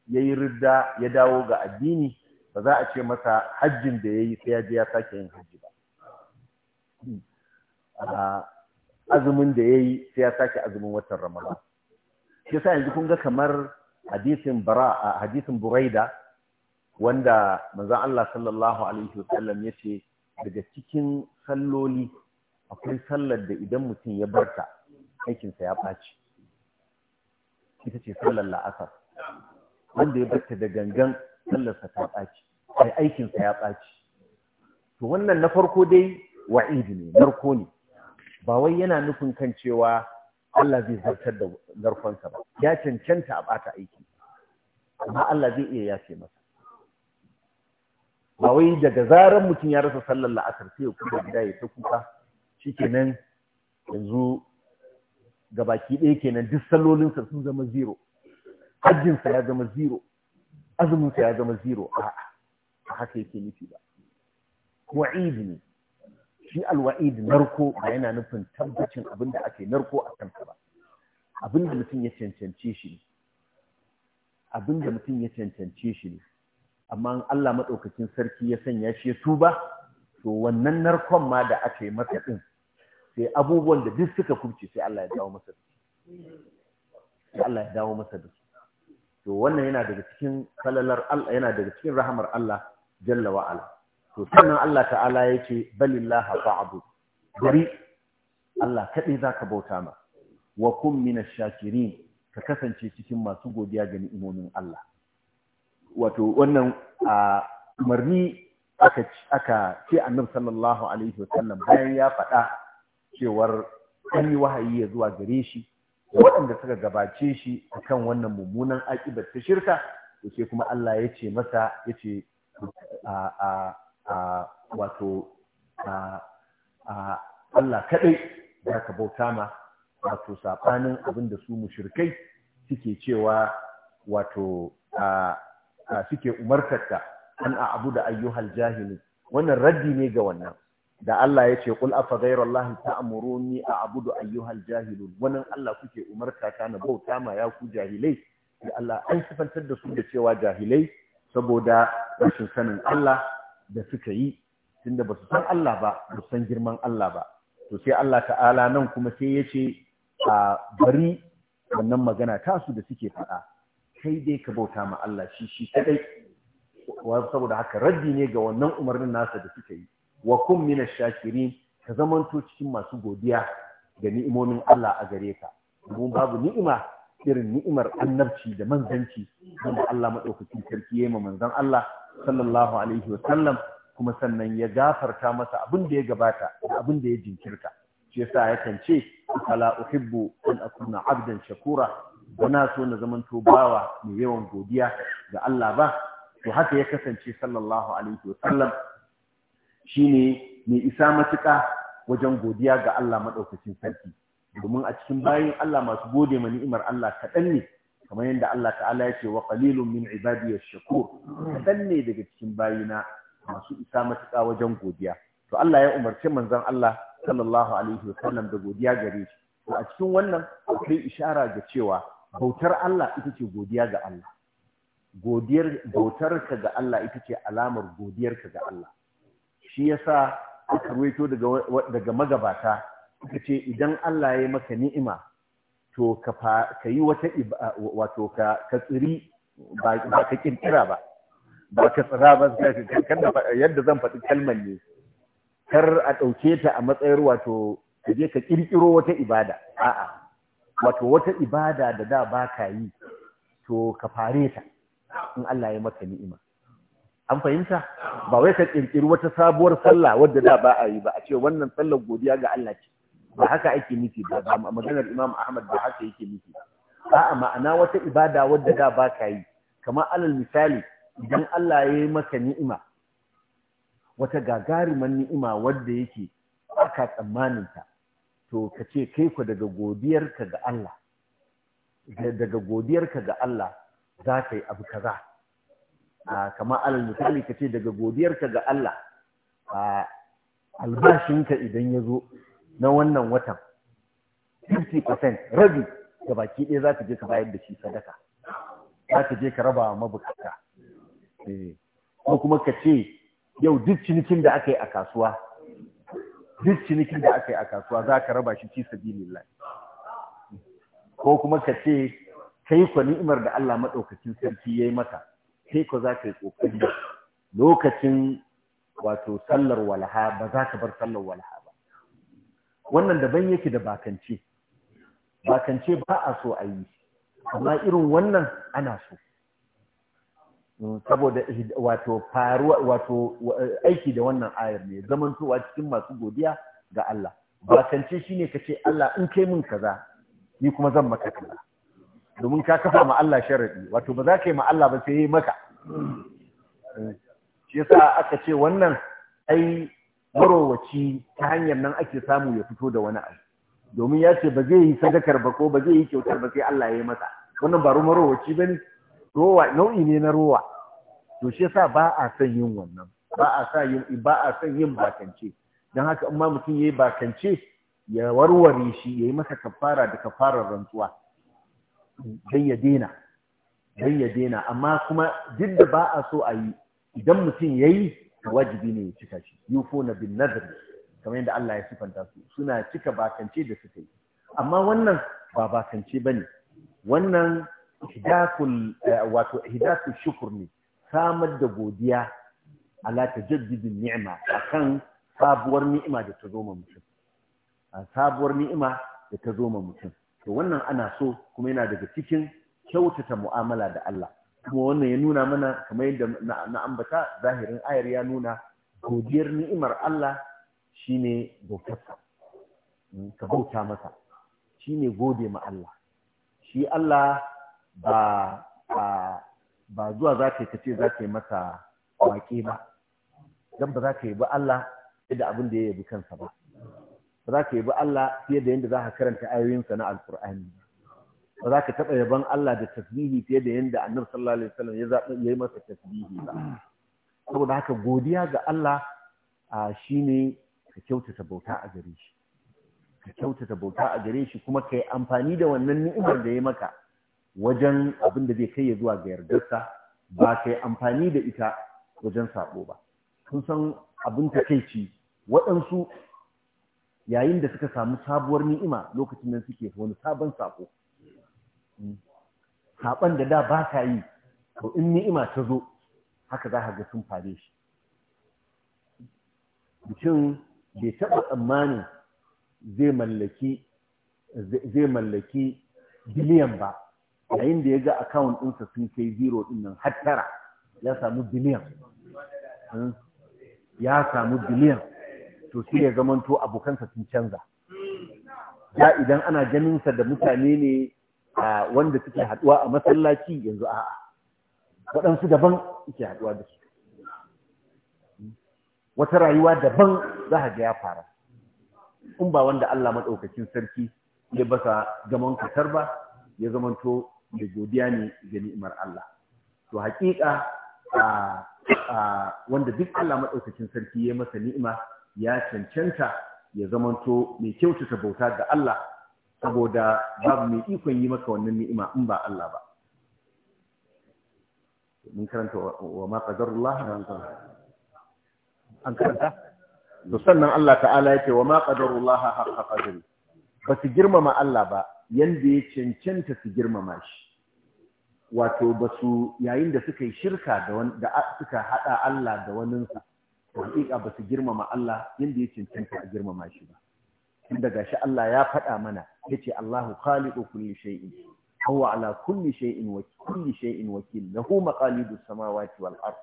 yayi ridda ya dawo ga addini ba za a ce masa hajjin da ya yi sai ya je ya sake yin hajji ba azumin da ya yi sai ya sake azumin watan Ramadan shi yasa yanzu kun ga kamar hadisin bara a hadisin Buraida wanda manzon Allah sallallahu alaihi wasallam yace daga cikin salloli akwai sallar da idan mutum ya barta aikinsa ya ɓaci ita ce sallar la'asar wanda ya barta da gangan sallarsa ta ɓaci ai aikinsa ya ɓaci to wannan na farko dai wa'idi ne narko ne ba wai yana nufin kan cewa Allah zai zartar da zarkonsa ba ya cancanta a ɓata aiki amma Allah zai iya yace masa ba wai daga zaran mutum ya rasa sallar la'asar sai ya kuma gida ya ta kuka shikenan yanzu gabaki ɗaya kenan duk sallolinsa sun zama zero hajjinsa ya zama zero azuminsa ya zama zero a'a a haka yake nufi ba wa'id ne shi alwa'id narko ba yana nufin tabbacin abin da ake narko a kansa ba abin da mutum ya cancance shi ne abin da mutum ya cancance shi ne amma Allah maɗaukacin sarki ya sanya shi ya tuba to wannan narkon ma da aka yi masa ɗin sai abubuwan da duk suka kubce sai Allah ya dawo masa da su sai Allah ya dawo masa da su to wannan yana daga cikin falalar Allah yana daga cikin rahamar Allah jalla wa ala to sannan Allah ta'ala ya ce balillah fa'bud bari Allah kadai zaka bauta ma wa kun minash shakirin ka kasance cikin masu godiya ga ni'imomin Allah wato wannan a umarni aka ce annabi sallallahu alaihi wa sallam bayan ya faɗa cewar an wahayi ya zuwa gare shi waɗanda suka gabace shi a kan wannan mummunan aƙibar ta shirka to sai kuma Allah ya ce masa ya ce wato Allah kaɗai za ka bauta ma wato saɓanin abin da su mushirkai suke cewa wato a suke umartarka an a abu da ayyuhal jahili wannan raddi ne ga wannan da Allah ya ce kul afa ghayrallahi ta'muruni a'budu ayyuhal jahilun wannan Allah kuke umarta ta na bauta ma ya ku jahilai Ya Allah an sifantar da su da cewa jahilai saboda rashin sanin Allah da suka yi tunda ba su san Allah ba ba su san girman Allah ba to sai Allah ta'ala nan kuma sai ya ce a bari wannan magana tasu da suke faɗa kai dai ka bauta ma Allah shi shi kadai saboda haka raddi ne ga wannan umarnin nasa da suka yi wa kun mina shakirin ka zamanto cikin masu godiya ga ni'imomin Allah a gare ka Mun babu ni'ima irin ni'imar annabci da manzanci wanda Allah madaukakin sarki yayi ma manzon Allah sallallahu alaihi wa sallam kuma sannan ya gafarta masa abin da ya gabata da abin da ya jinkirta shi yasa yakan ce kala uhibbu an akuna abdan shakura bana so na zamanto bawa mai yawan godiya ga Allah ba to haka ya kasance sallallahu alaihi wa sallam shine mai isa matuƙa wajen godiya ga Allah maɗaukacin sarki domin a cikin bayan Allah masu gode ma ni'imar Allah kaɗan ne kamar yadda Allah ta'ala ya ce wa qalilun min ibadiyar shakur kaɗan ne daga cikin bayina masu isa matuƙa wajen godiya to Allah ya umarci manzon Allah sallallahu alaihi wa sallam da godiya gare shi to a cikin wannan akwai ishara ga cewa bautar Allah ita ce godiya ga Allah godiyar bautar ka ga Allah ita ce alamar godiyar ka ga Allah shi yasa aka ruwaito daga magabata suka ce idan Allah ya maka ni'ima to ka yi wata wato ka tsiri ba ka kirkira ba ba ka tsira ba yadda zan faɗi kalman ne kar a ɗauke ta a matsayin wato ka je ka kirkiro wata ibada a'a wato wata ibada da da ba ka yi to ka fare ta in Allah ya maka ni'ima an fahimta ba wai ka kirkiri wata sabuwar sallah wadda da ba a yi ba a ce wannan sallar godiya ga Allah ce ba haka ake nufi ba ga maganar Imam Ahmad ba haka yake Ba a ma'ana wata ibada wadda da ba ka yi kamar alal misali idan Allah ya yi maka ni'ima wata gagaruman ni'ima wadda yake aka tsammanin ta to ka ce kai ku daga godiyarka ga Allah daga godiyarka ga Allah za ka yi abu kaza kamar alal misali ka ce daga godiyarka ga Allah albashinka idan ya zo na wannan watan 50% rabi ga baki ɗaya za ka je ka bayar da shi sadaka za ka je ka raba mabukata eh, ko kuma ka ce yau duk cinikin da aka yi a kasuwa duk cinikin da aka yi a kasuwa za ka raba shi ci sabilillah ko kuma ka ce kai kwa ni'imar da Allah maɗaukacin sarki ya yi mata. kai za ka yi kokari lokacin wato sallar walaha ba za ka bar sallar walha ba wannan daban yake da bakance bakance ba a so a yi amma irin wannan ana so saboda wato faruwa wato aiki da wannan ayar ne zamantowa cikin masu godiya ga Allah bakance shine kace Allah in kai min kaza ni kuma zan maka kaza domin ka kafa ma Allah sharadi wato ba za ka yi ma Allah ba sai yi maka shi yasa aka ce wannan ai marowaci ta hanyar nan ake samu ya fito da wani abu domin ya ce ba zai yi sadakar ba ko ba zai yi kyautar ba sai Allah ya yi masa wannan ba marowaci bane rowa nau'i ne na rowa to shi yasa ba a son yin wannan ba a sa yin ba a son yin bakance dan haka in ma mutum yayi bakance ya warware shi yayi masa kafara da kafarar rantsuwa Sai ya dena don ya daina amma kuma duk da ba a so a yi idan mutum ya yi wajibi ne ya cika shi yufo na bin nazari kamar yadda Allah ya sifanta su suna cika bakance da suka yi amma wannan ba bakance ba ne wannan eh, wato hidatu shukur ne samar da godiya ala tajaddidin ni'ima A kan sabuwar ni'ima da ta zo ma mutum sabuwar ni'ima da ta zo ma mutum to wannan ana so kuma yana daga cikin kyautata mu'amala da Allah kuma wannan ya nuna mana kamar yadda na ambata zahirin ayar ya nuna godiyar ni'imar Allah shine bautarsa hmm, ka bauta masa shine gode ma Allah shi Allah ba ba zuwa za ka yi kace za yi masa waƙe ba dan ba za ka yi ba Allah da abin da ya yabi kansa ba ba za ka yi ba Allah fiye da yadda za ka karanta ayoyinsa na alkur'ani ba za ka taɓa yaban Allah da tasbihi fiye da yadda annabi sallallahu alaihi wasallam ya yi masa tasbihi ba saboda haka godiya ga Allah shine ka kyautata bauta a gare shi ka kyautata bauta a gare shi kuma ka yi amfani da wannan ni'imar da ya maka wajen abin da zai kai ya zuwa ga yardarsa ba ka yi amfani da ita wajen sabo ba kun san abin takeici waɗansu yayin da suka samu sabuwar ni'ima lokacin da suke wani sabon sako haɓan da da ba ka yi to in ni'ima ta zo haka za ka ga sun fare shi mutum bai taɓa tsammanin zai mallaki biliyan ba yayin da ya ga akawun ɗinsa sun kai zero ɗin nan har tara ya samu biliyan ya samu biliyan to sai ya zamanto abokansa sun canza ya idan ana ganinsa da mutane ne wanda suke haduwa a masallaci yanzu a'a waɗansu daban suke haduwa da su wata rayuwa daban za a ga ya fara in ba wanda Allah maɗaukacin sarki ya basa gaman kasar ba ya zamanto da godiya ne ga ni'imar Allah to haƙiƙa wanda duk Allah maɗaukacin sarki ya masa ni'ima ya cancanta ya zamanto mai kyautata bauta ga Allah saboda babu mai ikon yi maka wannan ni'ima in ba Allah ba mun karanta wa ma qadarullah an karanta to sannan Allah ta'ala yake wa ma qadarullah haqqa qadri ba su girmama Allah ba yanda ya cancanta su girmama shi wato ba su yayin da suka yi shirka da da suka hada Allah da waninsa hakika ba su girmama Allah yanda ya cancanta a girmama shi ba tun daga shi Allah ya faɗa mana yace Allahu khaliqu kulli shay'in huwa ala kulli shay'in wa kulli shay'in wakil lahu maqalidu samawati wal ard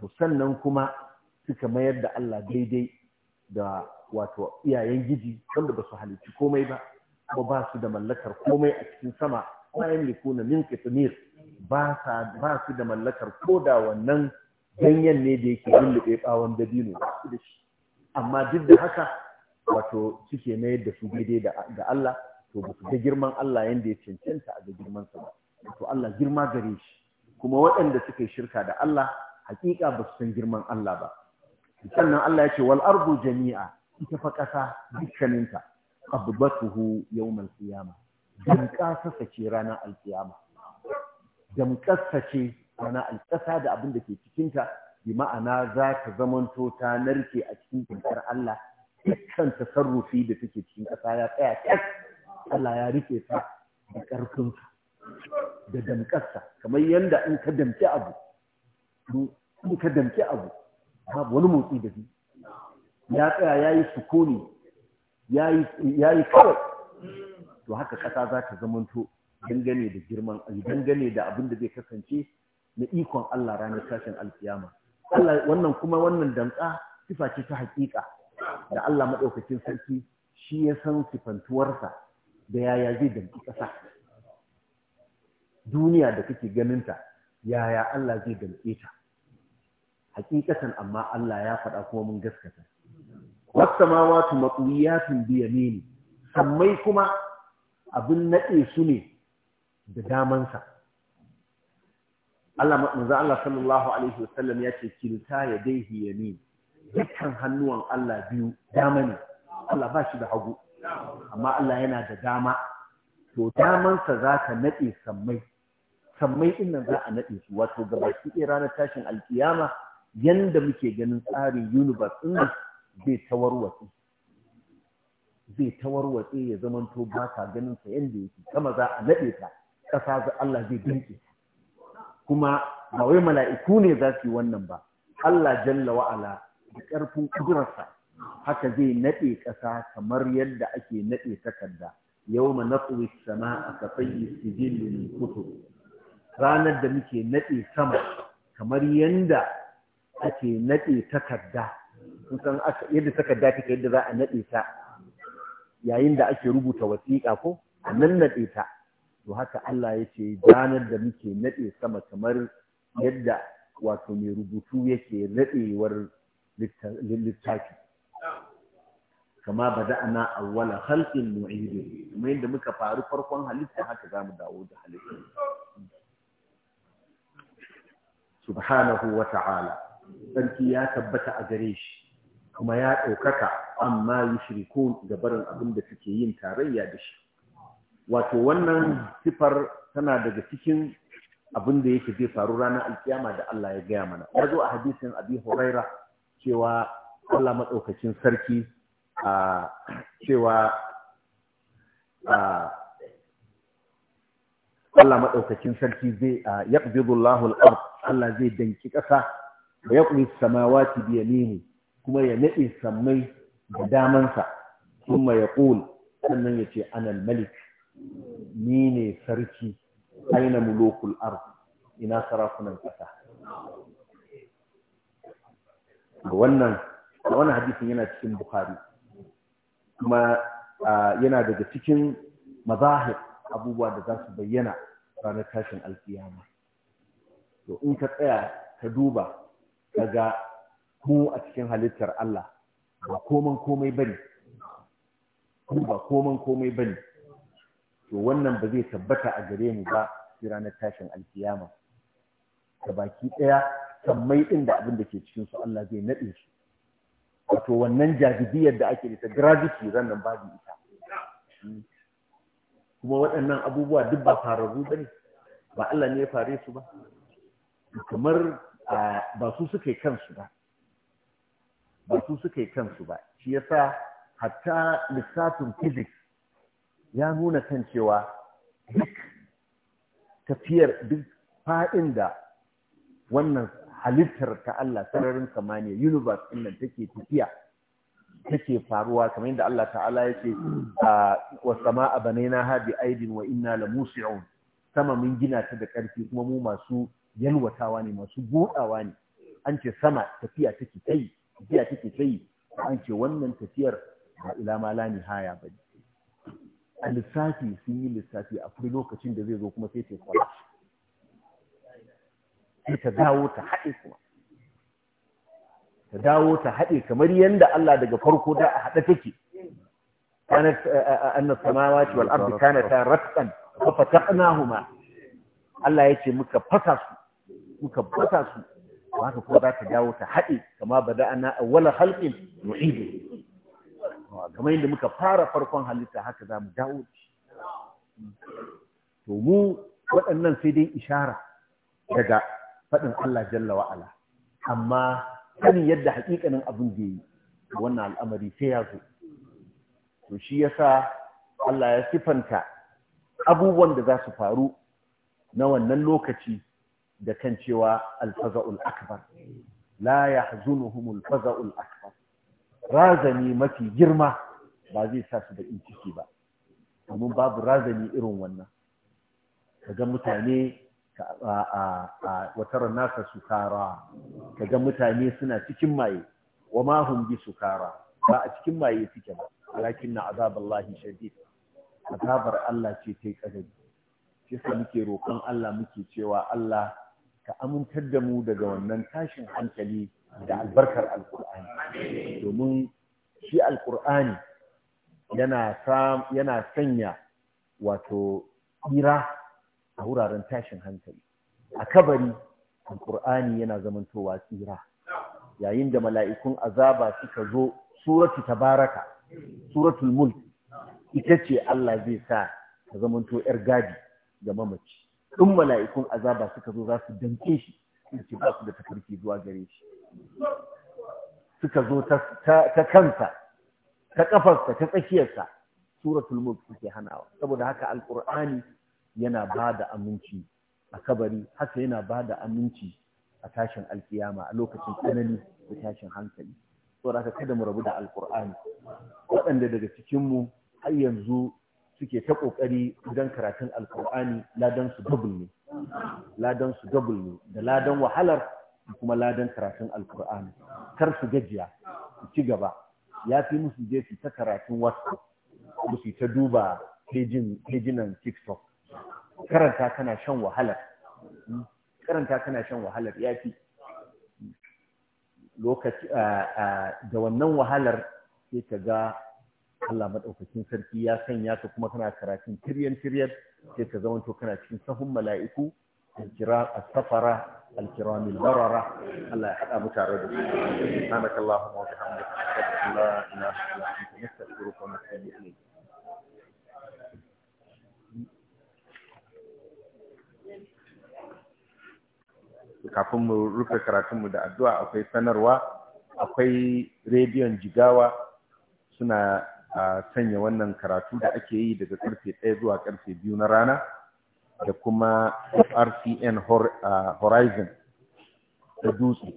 to sannan kuma suka mayar da Allah daidai da wato iyayen giji wanda ba su komai ba kuma ba su da mallakar komai a cikin sama bayan kuna min qitmir ba sa ba su da mallakar koda wannan ganyen ne da yake lullube bawon dabino amma duk da haka wato suke mayar da su daidai da Allah to ba su ga girman Allah yadda ya cancanta a ga girman sa ba to Allah girma gare shi kuma waɗanda suka yi shirka da Allah hakika ba su san girman Allah ba sannan Allah ya ce wal ardu jami'a ita fa ƙasa dukkaninta qabdatuhu yawmal qiyamah dan ƙasa sace ranar alkiyama dan ƙasa ce ranar alƙasa da abin da ke cikinta bi ma'ana za ta zamanto ta narke a cikin tunkar Allah dukkan tasarrufi da take cikin ƙasa ya tsaya ƙas Allah ya rike ta da ƙarfinsa da damƙarsa kamar yadda in ka damƙi abu in ka damƙi abu babu wani motsi da shi ya tsaya ya yi sukuni ya yi kawai to haka ƙasa za ta zamanto dangane da girman dangane da abin da zai kasance na ikon Allah ranar tashin alkiyama wannan kuma wannan damƙa sifa ce ta haƙiƙa da Allah maɗaukacin sarki shi ya san sifantuwarsa da yaya zai damki ƙasa duniya da kake ganinta yaya Allah zai damke ta hakikatan amma Allah ya faɗa kuma mun gaskata wata wasu biya ne ne sammai kuma abin naɗe su ne da damansa Allah manzo Allah sallallahu alaihi wasallam ya ce kilta yadayhi yamin dukkan hannuwan Allah biyu dama ne Allah ba shi da hagu amma Allah yana da dama to damansa za ka naɗe sammai sammai ɗin nan za a naɗe su wato ga baki ɗaya ranar tashin alkiyama yanda muke ganin tsarin universe ɗin nan zai tawarwatse zai tawarwatsi ya zamanto ba ka ganin sa yanda yake kama za a naɗe ta ƙasa za Allah zai dinke kuma ba wai mala'iku ne za su yi wannan ba Allah jalla wa'ala da ƙarfin ƙudurarsa haka zai naɗe ƙasa kamar yadda ake naɗe takarda Yau ma na ka fayyi sijilli jirgin kutu. ranar da muke naɗe sama kamar yadda ake naɗe takarda kun san yadda takarda take yadda za a naɗe ta yayin da ake rubuta wasiƙa ko a nan naɗe ta to haka Allah ya ce ranar da muke naɗe sama kamar yadda wato mai rubutu yake naɗewar littafi kama da ana awwala khalqin nu'idu kuma yadda muka faru farkon halitta haka zamu dawo da halitta subhanahu wa ta'ala sarki ya tabbata a gare shi kuma ya ɗaukaka amma yushrikun ga barin abin da suke yin tarayya da shi wato wannan sifar tana daga cikin abin da yake zai faru ranar alkiyama da Allah ya gaya mana ya zo a hadisin abi huraira cewa Allah maɗaukacin sarki a cewa Allah maɗaukacin sarki zai ya ƙubidullahu al'ar Allah zai danki ƙasa da ya samawati biya nemi, kuma ya naɗe sammai da damansa kuma ya ƙul sannan ya ce anal malik ni sarki aina mulokul ina sarakunan ƙasa wannan wannan hadisin yana cikin bukhari kuma yana daga cikin mazahir abubuwa da za su bayyana ranar tashin alkiyama to in ka tsaya ka duba ka ga ku a cikin halittar Allah ba koman komai bane ba koman komai bane to wannan ba zai tabbata a gare mu ba sai ranar tashin alkiyama ka baki ɗaya sammai ɗin da abin da ke cikin su Allah zai naɗe su wato wannan jazibiyar da ake ta gravity rannan babu ita kuma waɗannan abubuwa duk ba fararru ba ne ba Allah ne ya fare su ba kamar ba su suka yi kansu ba ba su suka yi kansu ba shi yasa hatta lissafin physics ya nuna kan cewa duk tafiyar duk fa'in da wannan halittar ta Allah sararin samaniya universe din nan take tafiya take faruwa kamar yadda Allah ta'ala yake wa sama'a ha bi aidin wa inna la musi'un sama mun gina ta da karfi kuma mu masu yalwatawa ne masu godawa ne an ce sama tafiya take kai tafiya take kai an ce wannan tafiyar ba ila ma la nihaya ba a lissafi sun yi lissafi furi lokacin da zai zo kuma sai ta kwalashi sai ta dawo ta haɗe kuma ta dawo ta haɗe kamar yadda Allah daga farko da a haɗe take kanat eh, eh, eh, annas samawati wal ardi kanata ratqan fa fataqnahuma Allah yace muka fasa su muka fasa su haka kuma za ta dawo ta haɗe kama bada'ana awwala khalqin nu'idu kamar yadda muka fara farkon halitta haka za mu dawo to mu waɗannan sai dai ishara daga faɗin Allah jalla wa'ala amma sanin yadda haƙiƙanin abin da yi wannan al'amari sai ya zo to shi yasa Allah ya sifanta abubuwan da za su faru na wannan lokaci da kan cewa alfaza'ul akbar la yahzunuhumul faza'ul akbar razani mafi girma ba zai sa su da ciki ba domin babu razani irin wannan kaga mutane watar nasa sukara kaga mutane suna cikin maye wa ma hum bi sukara ba a cikin maye suke ba Alakin na azaballahi shadid azabar Allah ce ta kadari shi sa muke roƙon Allah muke cewa Allah ka amintar da mu daga wannan tashin hankali da albarkar alkur'ani domin shi alkur'ani yana sanya wato ira. a wuraren tashin hankali a kabari alƙur'ani yana zamantowa tsira yayin da mala'ikun azaba suka zo suratu tabaraka suratul mulk ita ce Allah zai sa ta zamanto yar gadi ga mamaci in mala'ikun azaba suka zo za su danke shi ce ba su da tafarki zuwa gare shi suka zo ta kansa ta kafarsa ta tsakiyarsa suratu mulk suke hanawa saboda haka alqur'ani yana ba da aminci a kabari haka yana ba da aminci a tashin alkiyama a lokacin tsanani da tashin hankali saboda haka kada mu rabu da alkur'ani waɗanda daga cikinmu har yanzu suke ta ƙoƙari idan karatun alkur'ani ladan su double ne ladan su double ne da ladan wahalar da kuma ladan karatun alkur'ani kar su gajiya su ci gaba ya fi musu je su ta karatun wasu su ta duba pejinan tiktok karanta kana shan wahalar karanta kana shan wahalar ya fi lokaci da wannan wahalar sai ka ga Allah maɗaukakin sarki ya sanya ka kuma kana karatun tiryan tiryan sai ka zama to kana cikin sahun mala'iku alkira as-safara alkiramil barara Allah ya hada mu tare da su subhanakallahumma wa bihamdika la ilaha illa anta wa ilayk kafin mu rufe karatunmu da addu'a akwai sanarwa akwai rediyon jigawa suna sanya wannan karatu da ake yi daga karfe ɗaya zuwa karfe biyu na rana da kuma rcn horizon da dutse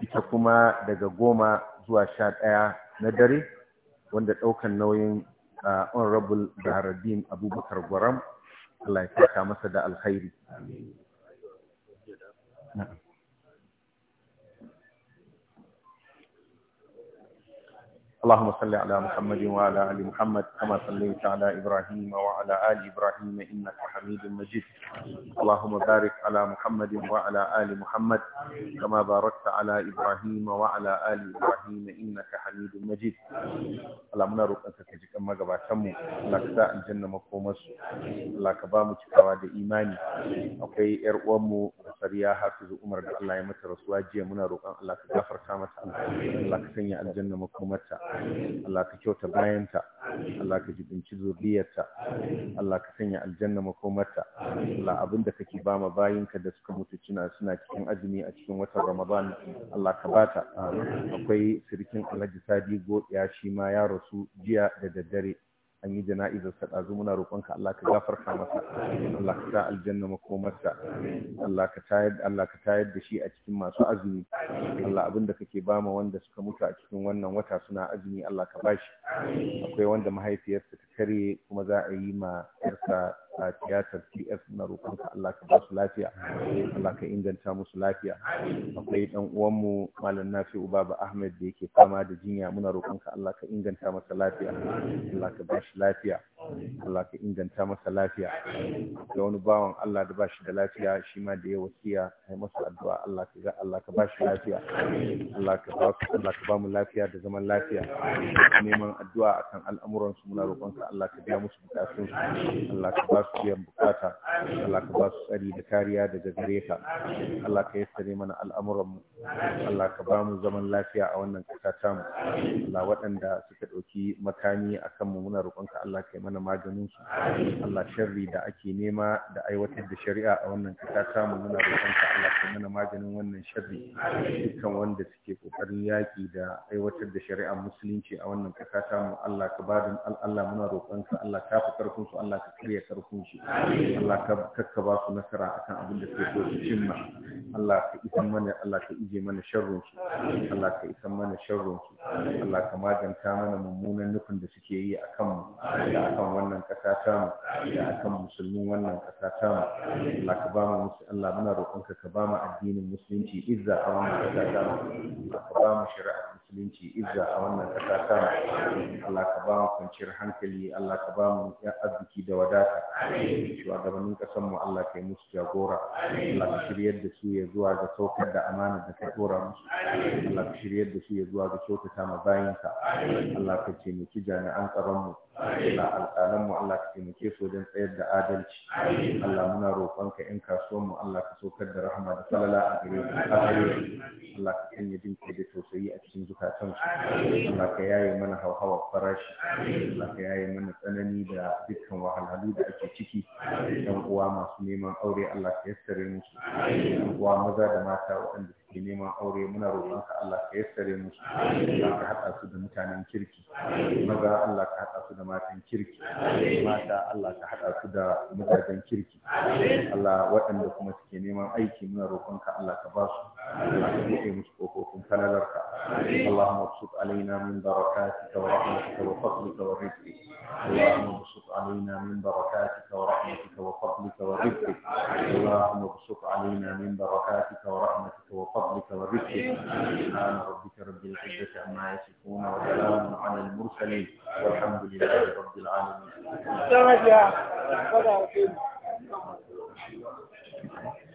ita kuma daga goma zuwa sha ɗaya na dare wanda ɗaukan nauyin honorable zaharaddin abubakar gwaram Allah ya masa da alkhairi اللهم صل على محمد وعلى ال محمد كما صليت على ابراهيم وعلى ال ابراهيم انك حميد مجيد اللهم بارك على محمد وعلى ال محمد كما باركت على ابراهيم وعلى ال ابراهيم انك حميد مجيد اللهم نروقك كجك ما غباتن mu Allah ka sa aljanna makomar su Allah ka ba mu cikawa da imani akwai yar uwan mu Ansari ya hafizu Umar da Allah ya mata rasuwa jiya muna roƙon Allah ka gafarta mata Allah ka sanya aljanna makomarta Allah ka kyauta bayanta Allah ka jibinci zuriyarta Allah ka sanya aljanna makomarta Allah abinda kake ba ma bayinka da suka mutu cina suna cikin azumi a cikin watan Ramadan Allah ka bata akwai sirkin Alhaji Sadi ya shi ma ya rasu jiya da daddare an yi jana'izar sa dazu muna roƙonka Allah ka gafarta masa Allah ka sa aljanna makomarsa Allah ka tayar Allah ka tayar da shi a cikin masu azumi Allah abinda kake bama wanda suka mutu a cikin wannan wata suna azumi Allah ka bashi akwai wanda mahaifiyarsa ta kare kuma za a yi ma yarsa a tiyatar TF na roƙonka Allah ka ba su lafiya Allah ka inganta musu lafiya akwai dan uwanmu malam Nafi Ubaba Ahmed da yake fama da jinya muna roƙonka Allah ka inganta masa lafiya Allah ka ba shi lafiya Allah ka inganta masa lafiya da wani bawan Allah da ba shi da lafiya shi ma da ya wasiya kai masa addu'a Allah ka ga Allah ka ba shi lafiya Allah ka ba Allah ka ba mu lafiya da zaman lafiya neman addu'a akan al'amuran su muna roƙonka Allah ka biya musu bukatun Allah ka ba ba su biyan bukata Allah ka ba su tsari da kariya daga gare ka Allah ka yassare mana al'amuran mu Allah ka ba mu zaman lafiya a wannan kasa ta mu Allah waɗanda suka ɗauki makami a kan mu muna Allah ka yi mana maganin su Allah sharri da ake nema da aiwatar da shari'a a wannan kasa ta mu muna roƙonka Allah ka yi mana maganin wannan sharri dukkan wanda suke ƙoƙarin yaƙi da aiwatar da shari'ar musulunci a wannan kasa ta mu Allah ka ba Allah muna roƙonka Allah ka fi karfin su Allah ka karya karfin cikin shi Allah ka ba su nasara akan abin da suke so su cimma Allah ka isan mana Allah ka ije mana sharrin su Allah ka isan mana sharrin su Allah ka maganta mana mummunan nufin da suke yi akan mu da akan wannan kasa ta mu da akan musulmin wannan kasa ta mu Allah ka ba mu musu Allah muna roƙonka ka ba mu addinin musulunci izza a wannan kasa ta mu ka ba mu shari'a musulunci izza a wannan ƙasa ta Allah ka ba mu kwanciyar hankali Allah ka ba mu ya arziki da wadata shugabannin ƙasar mu Allah ka yi musu jagora Allah ka shiryar da su ya zuwa ga saukar da amana da ka tura musu Allah ka shiryar da su ya zuwa ga kyautata ma bayin ka, Allah ka ce miki jami'an tsaron mu Allah alƙalan mu Allah ka taimake su wajen tsayar da adalci Allah muna roƙonka 'yan kasuwan mu Allah ka saukar da rahama da falala a gare su Allah ka sanya jin kai da tausayi a cikin zukatan su Allah ka yaye mana hauhawar farashi Allah ka yaye mana tsanani da dukkan wahalhalu da ake ciki dan uwa masu neman aure Allah ka yassare musu dan uwa maza da mata waɗanda suke neman aure muna roƙon ka Allah ka yassare musu Allah ka haɗa su da mutanen kirki maza Allah ka haɗa su da matan kirki mata Allah ka haɗa su da mutanen kirki Allah waɗanda kuma suke neman aiki muna roƙon ka Allah ka ba su Allah ka buɗe musu kofofin falalarka اللهم ابسط علينا من بركاتك ورحمتك وفضلك ورزقك اللهم ابسط علينا من بركاتك ورحمتك وفضلك ورزقك اللهم ابسط علينا من بركاتك ورحمتك وفضلك ورزقك سبحان ربك رب العزة عما يصفون وسلام على المرسلين والحمد لله رب العالمين.